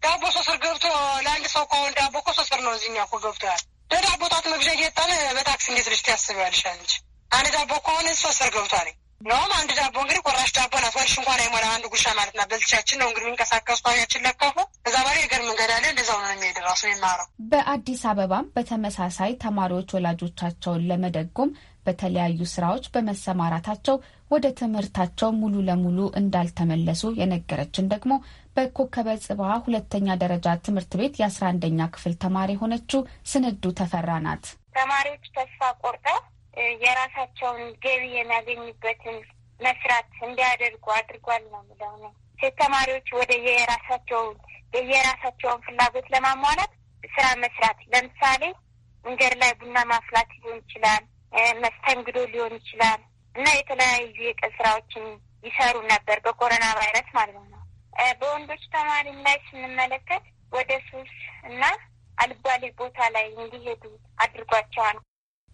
ዳቦ ሶስር ገብቶ ለአንድ ሰው ከሆን ዳቦ እኮ ሶስር ነው እዚህኛ እኮ ገብቷል። ለዳቦ ጣት መግዣ እየጣለ በታክሲ እንዴት ልጅ ያስባልሻል እንጂ አንድ ዳቦ ከሆነ ሶስር ገብቷል። ነውም አንድ ዳቦ እንግዲህ ቆራሽ ዳቦ ናት። ወርሽ እንኳን አይሞላ አንድ ጉርሻ ማለት ና በልቻችን ነው እንግዲህ የሚንቀሳቀሱ ታያችን ለቀፉ እዛ ባሪ የገር መንገድ አለ እንደዛው ነው የሚሄድ ራሱ የማረው። በአዲስ አበባም በተመሳሳይ ተማሪዎች ወላጆቻቸውን ለመደጎም በተለያዩ ስራዎች በመሰማራታቸው ወደ ትምህርታቸው ሙሉ ለሙሉ እንዳልተመለሱ የነገረችን ደግሞ በኮከበ ጽባ ሁለተኛ ደረጃ ትምህርት ቤት የአስራ አንደኛ ክፍል ተማሪ የሆነችው ስንዱ ተፈራ ናት። ተማሪዎች ተስፋ ቆርጠው የራሳቸውን ገቢ የሚያገኙበትን መስራት እንዲያደርጉ አድርጓል ነው ምለው ነው። ሴት ተማሪዎች ወደ የራሳቸውን የየራሳቸውን ፍላጎት ለማሟላት ስራ መስራት፣ ለምሳሌ መንገድ ላይ ቡና ማፍላት ሊሆን ይችላል መስተንግዶ ሊሆን ይችላል እና የተለያዩ የቀን ስራዎችን ይሰሩ ነበር በኮሮና ቫይረስ ማለት ነው። በወንዶች ተማሪም ላይ ስንመለከት ወደ ሱስ እና አልባሌ ቦታ ላይ እንዲሄዱ አድርጓቸዋል።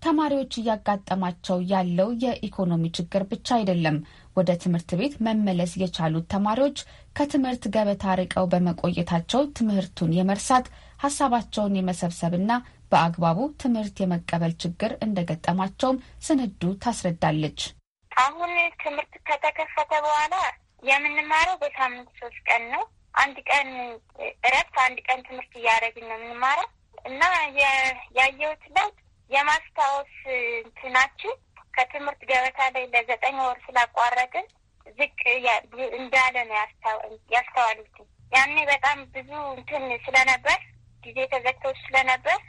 ተማሪዎች እያጋጠማቸው ያለው የኢኮኖሚ ችግር ብቻ አይደለም። ወደ ትምህርት ቤት መመለስ የቻሉት ተማሪዎች ከትምህርት ገበታ ርቀው በመቆየታቸው ትምህርቱን የመርሳት ሀሳባቸውን የመሰብሰብና በአግባቡ ትምህርት የመቀበል ችግር እንደገጠማቸውም ስንዱ ታስረዳለች። አሁን ትምህርት ከተከፈተ በኋላ የምንማረው በሳምንት ሶስት ቀን ነው። አንድ ቀን እረፍት፣ አንድ ቀን ትምህርት እያደረግን ነው የምንማረው እና ያየሁት ለውጥ የማስታወስ እንትናችን ከትምህርት ገበታ ላይ ለዘጠኝ ወር ስላቋረጥን ዝቅ እንዳለ ነው ያስተዋሉት። ያኔ በጣም ብዙ እንትን ስለነበር ጊዜ ተዘግተው ስለነበር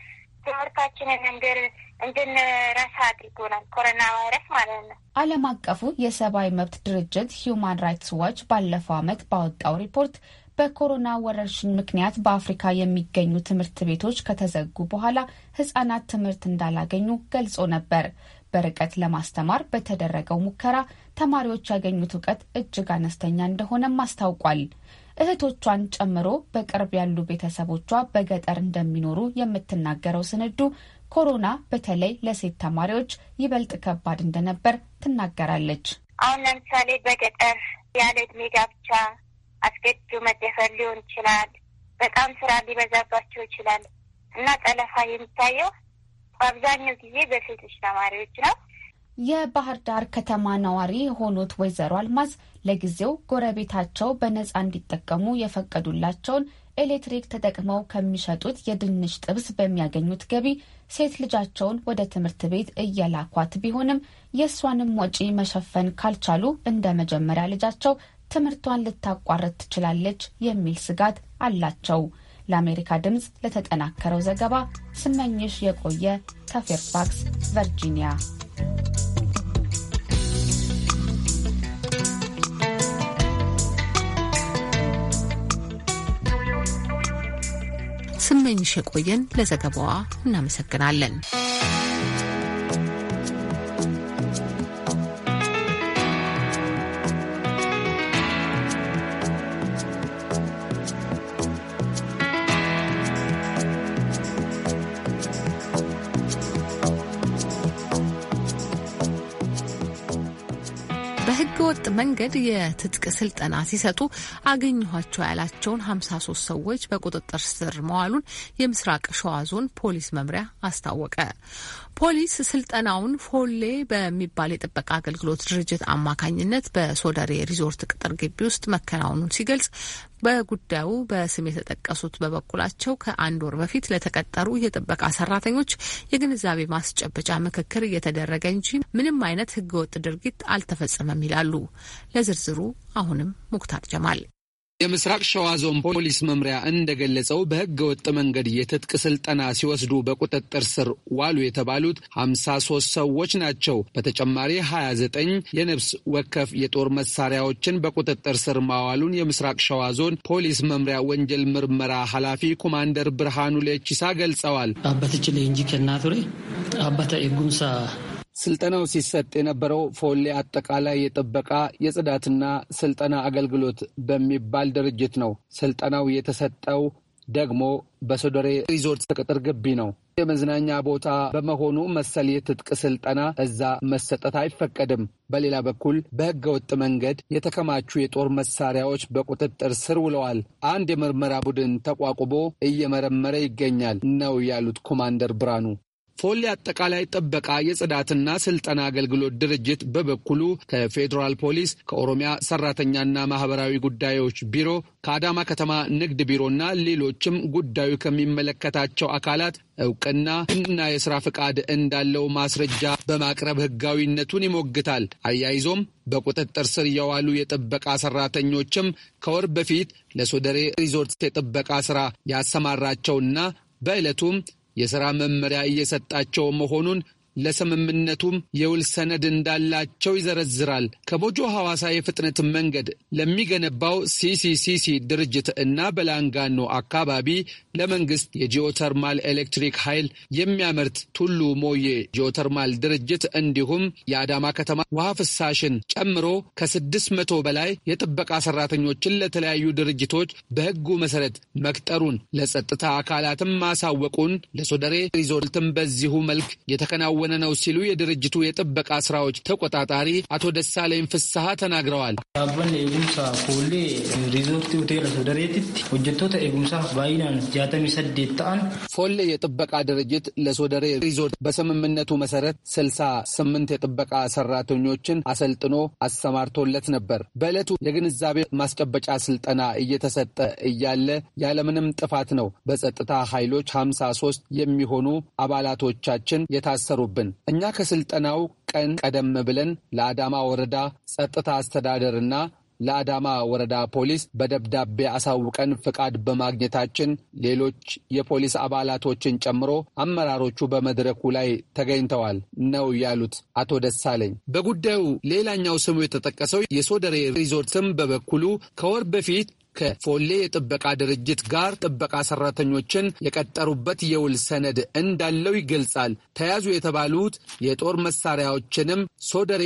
ትምህርታችንን እንድር እንድንረሳ አድርጎናል። ኮሮና ቫይረስ ማለት ነው። ዓለም አቀፉ የሰብአዊ መብት ድርጅት ሂዩማን ራይትስ ዋች ባለፈው ዓመት ባወጣው ሪፖርት በኮሮና ወረርሽኝ ምክንያት በአፍሪካ የሚገኙ ትምህርት ቤቶች ከተዘጉ በኋላ ህጻናት ትምህርት እንዳላገኙ ገልጾ ነበር። በርቀት ለማስተማር በተደረገው ሙከራ ተማሪዎች ያገኙት እውቀት እጅግ አነስተኛ እንደሆነም አስታውቋል። እህቶቿን ጨምሮ በቅርብ ያሉ ቤተሰቦቿ በገጠር እንደሚኖሩ የምትናገረው ስንዱ ኮሮና በተለይ ለሴት ተማሪዎች ይበልጥ ከባድ እንደነበር ትናገራለች። አሁን ለምሳሌ በገጠር ያለ እድሜ ጋብቻ አስገድዶ መደፈር ሊሆን ይችላል። በጣም ስራ ሊበዛባቸው ይችላል እና ጠለፋ የሚታየው በአብዛኛው ጊዜ በሴቶች ተማሪዎች ነው። የባህር ዳር ከተማ ነዋሪ የሆኑት ወይዘሮ አልማዝ ለጊዜው ጎረቤታቸው በነፃ እንዲጠቀሙ የፈቀዱላቸውን ኤሌክትሪክ ተጠቅመው ከሚሸጡት የድንች ጥብስ በሚያገኙት ገቢ ሴት ልጃቸውን ወደ ትምህርት ቤት እየላኳት ቢሆንም የእሷንም ወጪ መሸፈን ካልቻሉ እንደ መጀመሪያ ልጃቸው ትምህርቷን ልታቋርጥ ትችላለች የሚል ስጋት አላቸው። ለአሜሪካ ድምፅ ለተጠናከረው ዘገባ ስመኝሽ የቆየ ከፌርፋክስ ቨርጂኒያ። ስመኝሽ የቆየን ለዘገባዋ እናመሰግናለን። መንገድ የትጥቅ ስልጠና ሲሰጡ አገኘኋቸው ያላቸውን 53 ሰዎች በቁጥጥር ስር መዋሉን የምስራቅ ሸዋ ዞን ፖሊስ መምሪያ አስታወቀ። ፖሊስ ስልጠናውን ፎሌ በሚባል የጥበቃ አገልግሎት ድርጅት አማካኝነት በሶደሬ ሪዞርት ቅጥር ግቢ ውስጥ መከናወኑን ሲገልጽ በጉዳዩ በስም የተጠቀሱት በበኩላቸው ከአንድ ወር በፊት ለተቀጠሩ የጥበቃ ሰራተኞች የግንዛቤ ማስጨበጫ ምክክር እየተደረገ እንጂ ምንም አይነት ሕገወጥ ድርጊት አልተፈጸመም ይላሉ። ለዝርዝሩ አሁንም ሙክታር ጀማል የምስራቅ ሸዋ ዞን ፖሊስ መምሪያ እንደገለጸው በህገ ወጥ መንገድ የትጥቅ ስልጠና ሲወስዱ በቁጥጥር ስር ዋሉ የተባሉት 53 ሰዎች ናቸው። በተጨማሪ 29 የነፍስ ወከፍ የጦር መሳሪያዎችን በቁጥጥር ስር ማዋሉን የምስራቅ ሸዋ ዞን ፖሊስ መምሪያ ወንጀል ምርመራ ኃላፊ ኮማንደር ብርሃኑ ሌቺሳ ገልጸዋል። አባትች ለእንጂ ከናቱሬ አባታ ኤጉምሳ ስልጠናው ሲሰጥ የነበረው ፎሌ አጠቃላይ የጥበቃ የጽዳትና ስልጠና አገልግሎት በሚባል ድርጅት ነው። ስልጠናው የተሰጠው ደግሞ በሶደሬ ሪዞርት ቅጥር ግቢ ነው። የመዝናኛ ቦታ በመሆኑ መሰል የትጥቅ ስልጠና እዛ መሰጠት አይፈቀድም። በሌላ በኩል በሕገ ወጥ መንገድ የተከማቹ የጦር መሳሪያዎች በቁጥጥር ስር ውለዋል። አንድ የምርመራ ቡድን ተቋቁሞ እየመረመረ ይገኛል ነው ያሉት ኮማንደር ብርሃኑ። ፎሌ አጠቃላይ ጥበቃ የጽዳትና ስልጠና አገልግሎት ድርጅት በበኩሉ ከፌዴራል ፖሊስ፣ ከኦሮሚያ ሰራተኛና ማህበራዊ ጉዳዮች ቢሮ፣ ከአዳማ ከተማ ንግድ ቢሮና ሌሎችም ጉዳዩ ከሚመለከታቸው አካላት እውቅና እና የስራ ፈቃድ እንዳለው ማስረጃ በማቅረብ ህጋዊነቱን ይሞግታል። አያይዞም በቁጥጥር ስር የዋሉ የጥበቃ ሰራተኞችም ከወር በፊት ለሶደሬ ሪዞርት የጥበቃ ስራ ያሰማራቸውና በዕለቱም የሥራ መመሪያ እየሰጣቸው መሆኑን ለስምምነቱም የውል ሰነድ እንዳላቸው ይዘረዝራል። ከቦጆ ሐዋሳ የፍጥነት መንገድ ለሚገነባው ሲሲሲሲ ድርጅት እና በላንጋኖ አካባቢ ለመንግስት የጂኦተርማል ኤሌክትሪክ ኃይል የሚያመርት ቱሉ ሞዬ ጂኦተርማል ድርጅት እንዲሁም የአዳማ ከተማ ውሃ ፍሳሽን ጨምሮ ከስድስት መቶ በላይ የጥበቃ ሰራተኞችን ለተለያዩ ድርጅቶች በህጉ መሰረት መቅጠሩን ለጸጥታ አካላትም ማሳወቁን ለሶደሬ ሪዞልትም በዚሁ መልክ የተከናወ እየተከናወነ ነው ሲሉ የድርጅቱ የጥበቃ ስራዎች ተቆጣጣሪ አቶ ደሳለኝ ፍስሐ ተናግረዋል። ዳባን ኤጉምሳ ሪዞርት ሆቴል ሆጀቶተ ኤጉምሳ ባይናን ጃተሚ ሰዴት ተአን ፎሌ የጥበቃ ድርጅት ለሶደሬ ሪዞርት በስምምነቱ መሰረት ስልሳ ስምንት የጥበቃ ሰራተኞችን አሰልጥኖ አሰማርቶለት ነበር። በዕለቱ የግንዛቤ ማስጨበጫ ስልጠና እየተሰጠ እያለ ያለምንም ጥፋት ነው በጸጥታ ኃይሎች ሀምሳ ሶስት የሚሆኑ አባላቶቻችን የታሰሩ ሆኑብን። እኛ ከስልጠናው ቀን ቀደም ብለን ለአዳማ ወረዳ ጸጥታ አስተዳደርና ለአዳማ ወረዳ ፖሊስ በደብዳቤ አሳውቀን ፍቃድ በማግኘታችን ሌሎች የፖሊስ አባላቶችን ጨምሮ አመራሮቹ በመድረኩ ላይ ተገኝተዋል ነው ያሉት አቶ ደሳለኝ። በጉዳዩ ሌላኛው ስሙ የተጠቀሰው የሶደሬ ሪዞርት ስም በበኩሉ ከወር በፊት ከፎሌ የጥበቃ ድርጅት ጋር ጥበቃ ሰራተኞችን የቀጠሩበት የውል ሰነድ እንዳለው ይገልጻል። ተያዙ የተባሉት የጦር መሳሪያዎችንም ሶደሬ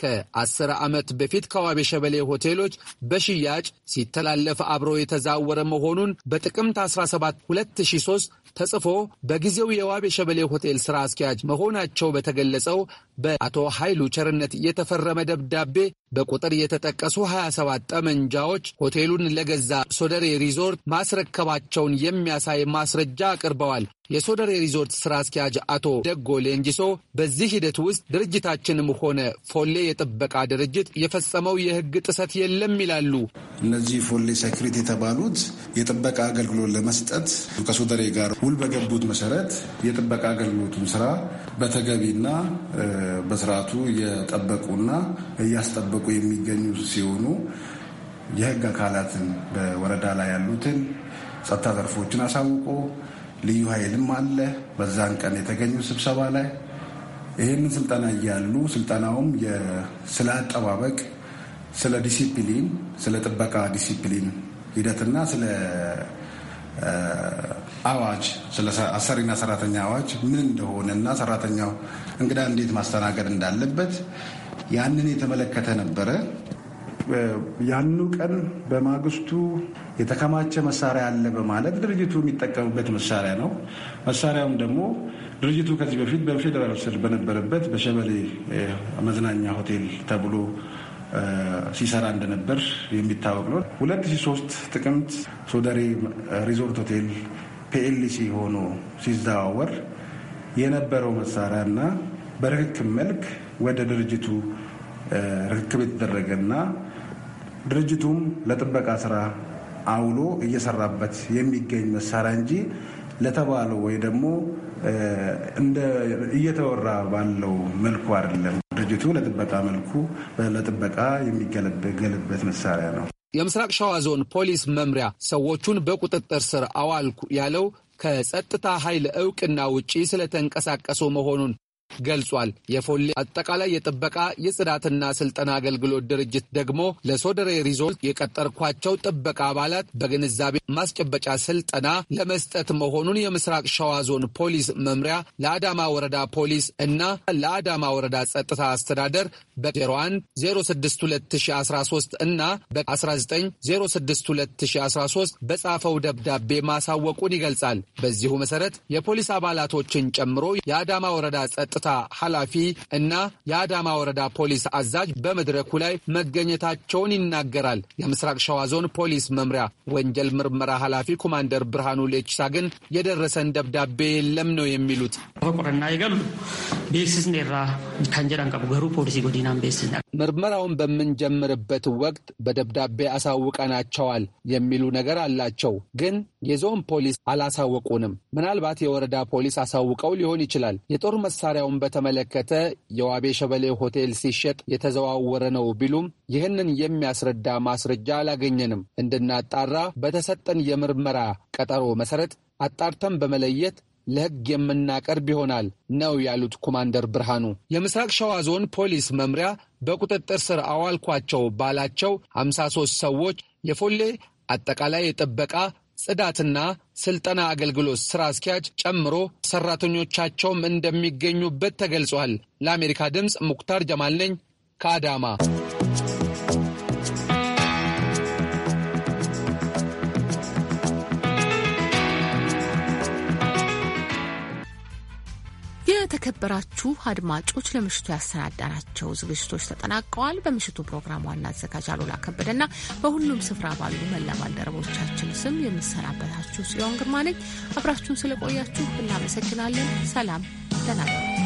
ከአስር ዓመት በፊት ከዋቤ ሸበሌ ሆቴሎች በሽያጭ ሲተላለፍ አብሮ የተዛወረ መሆኑን በጥቅምት 17 2003 ተጽፎ በጊዜው የዋቤ ሸበሌ ሆቴል ሥራ አስኪያጅ መሆናቸው በተገለጸው በአቶ ኃይሉ ቸርነት የተፈረመ ደብዳቤ በቁጥር የተጠቀሱ 27 ጠመንጃዎች ሆቴሉን ለገዛ ሶደሬ ሪዞርት ማስረከባቸውን የሚያሳይ ማስረጃ አቅርበዋል። የሶደሬ ሪዞርት ሥራ አስኪያጅ አቶ ደጎ ሌንጂሶ በዚህ ሂደት ውስጥ ድርጅታችንም ሆነ ፎሌ የጥበቃ ድርጅት የፈጸመው የህግ ጥሰት የለም ይላሉ። እነዚህ ፎሌ ሰክሪት የተባሉት የጥበቃ አገልግሎት ለመስጠት ከሶደሬ ጋር ውል በገቡት መሰረት የጥበቃ አገልግሎቱን ስራ በተገቢና በስርዓቱ እየጠበቁና እያስጠበቁ የሚገኙ ሲሆኑ የህግ አካላትን በወረዳ ላይ ያሉትን ጸጥታ ዘርፎችን አሳውቆ ልዩ ኃይልም አለ። በዛን ቀን የተገኙ ስብሰባ ላይ ይህንን ስልጠና እያሉ ስልጠናውም ስለ አጠባበቅ፣ ስለ ዲሲፕሊን፣ ስለ ጥበቃ ዲሲፕሊን ሂደትና ስለ አዋጅ ስለ አሰሪና ሰራተኛ አዋጅ ምን እንደሆነ እና ሰራተኛው እንግዳ እንዴት ማስተናገድ እንዳለበት ያንን የተመለከተ ነበረ። ያኑ ቀን በማግስቱ የተከማቸ መሳሪያ አለ በማለት ድርጅቱ የሚጠቀምበት መሳሪያ ነው። መሳሪያውም ደግሞ ድርጅቱ ከዚህ በፊት በብፌ ደራ ስር በነበረበት በሸበሌ መዝናኛ ሆቴል ተብሎ ሲሰራ እንደነበር የሚታወቅ ነው። 2003 ጥቅምት ሶደሬ ሪዞርት ሆቴል ፒኤልሲ ሆኖ ሲዘዋወር የነበረው መሳሪያ እና በርክክብ መልክ ወደ ድርጅቱ ርክክብ የተደረገ እና ድርጅቱም ለጥበቃ ስራ አውሎ እየሰራበት የሚገኝ መሳሪያ እንጂ ለተባለው ወይ ደግሞ እንደ እየተወራ ባለው መልኩ አይደለም። ድርጅቱ ለጥበቃ መልኩ ለጥበቃ የሚገለገልበት መሳሪያ ነው። የምስራቅ ሸዋ ዞን ፖሊስ መምሪያ ሰዎቹን በቁጥጥር ስር አዋልኩ ያለው ከጸጥታ ኃይል እውቅና ውጪ ስለተንቀሳቀሱ መሆኑን ገልጿል። የፎሌ አጠቃላይ የጥበቃ የጽዳትና ስልጠና አገልግሎት ድርጅት ደግሞ ለሶደሬ ሪዞርት የቀጠርኳቸው ጥበቃ አባላት በግንዛቤ ማስጨበጫ ስልጠና ለመስጠት መሆኑን የምስራቅ ሸዋ ዞን ፖሊስ መምሪያ ለአዳማ ወረዳ ፖሊስ እና ለአዳማ ወረዳ ጸጥታ አስተዳደር በ01 06 2013 እና በ19 2013 በጻፈው ደብዳቤ ማሳወቁን ይገልጻል። በዚሁ መሰረት የፖሊስ አባላቶችን ጨምሮ የአዳማ ወረዳ ጸጥ ጸጥታ ኃላፊ እና የአዳማ ወረዳ ፖሊስ አዛዥ በመድረኩ ላይ መገኘታቸውን ይናገራል። የምስራቅ ሸዋ ዞን ፖሊስ መምሪያ ወንጀል ምርመራ ኃላፊ ኮማንደር ብርሃኑ ሌችሳ ግን የደረሰን ደብዳቤ የለም ነው የሚሉት። ምርመራውን በምንጀምርበት ወቅት በደብዳቤ አሳውቀናቸዋል የሚሉ ነገር አላቸው። ግን የዞን ፖሊስ አላሳወቁንም። ምናልባት የወረዳ ፖሊስ አሳውቀው ሊሆን ይችላል። የጦር መሳሪያ ጉዳዩን በተመለከተ የዋቤ ሸበሌ ሆቴል ሲሸጥ የተዘዋወረ ነው ቢሉም ይህንን የሚያስረዳ ማስረጃ አላገኘንም። እንድናጣራ በተሰጠን የምርመራ ቀጠሮ መሰረት አጣርተን በመለየት ለሕግ የምናቀርብ ይሆናል ነው ያሉት ኮማንደር ብርሃኑ። የምስራቅ ሸዋ ዞን ፖሊስ መምሪያ በቁጥጥር ስር አዋልኳቸው ባላቸው 53 ሰዎች የፎሌ አጠቃላይ የጥበቃ ጽዳትና ስልጠና አገልግሎት ስራ አስኪያጅ ጨምሮ ሰራተኞቻቸውም እንደሚገኙበት ተገልጿል። ለአሜሪካ ድምፅ ሙክታር ጀማል ነኝ ከአዳማ የተከበራችሁ አድማጮች ለምሽቱ ያሰናዳናቸው ዝግጅቶች ተጠናቀዋል። በምሽቱ ፕሮግራም ዋና አዘጋጅ አሉላ ከበደና በሁሉም ስፍራ ባሉ መላ ባልደረቦቻችን ስም የምሰናበታችሁ ጽዮን ግርማ ነኝ። አብራችሁን ስለቆያችሁ እናመሰግናለን። ሰላም፣ ደህና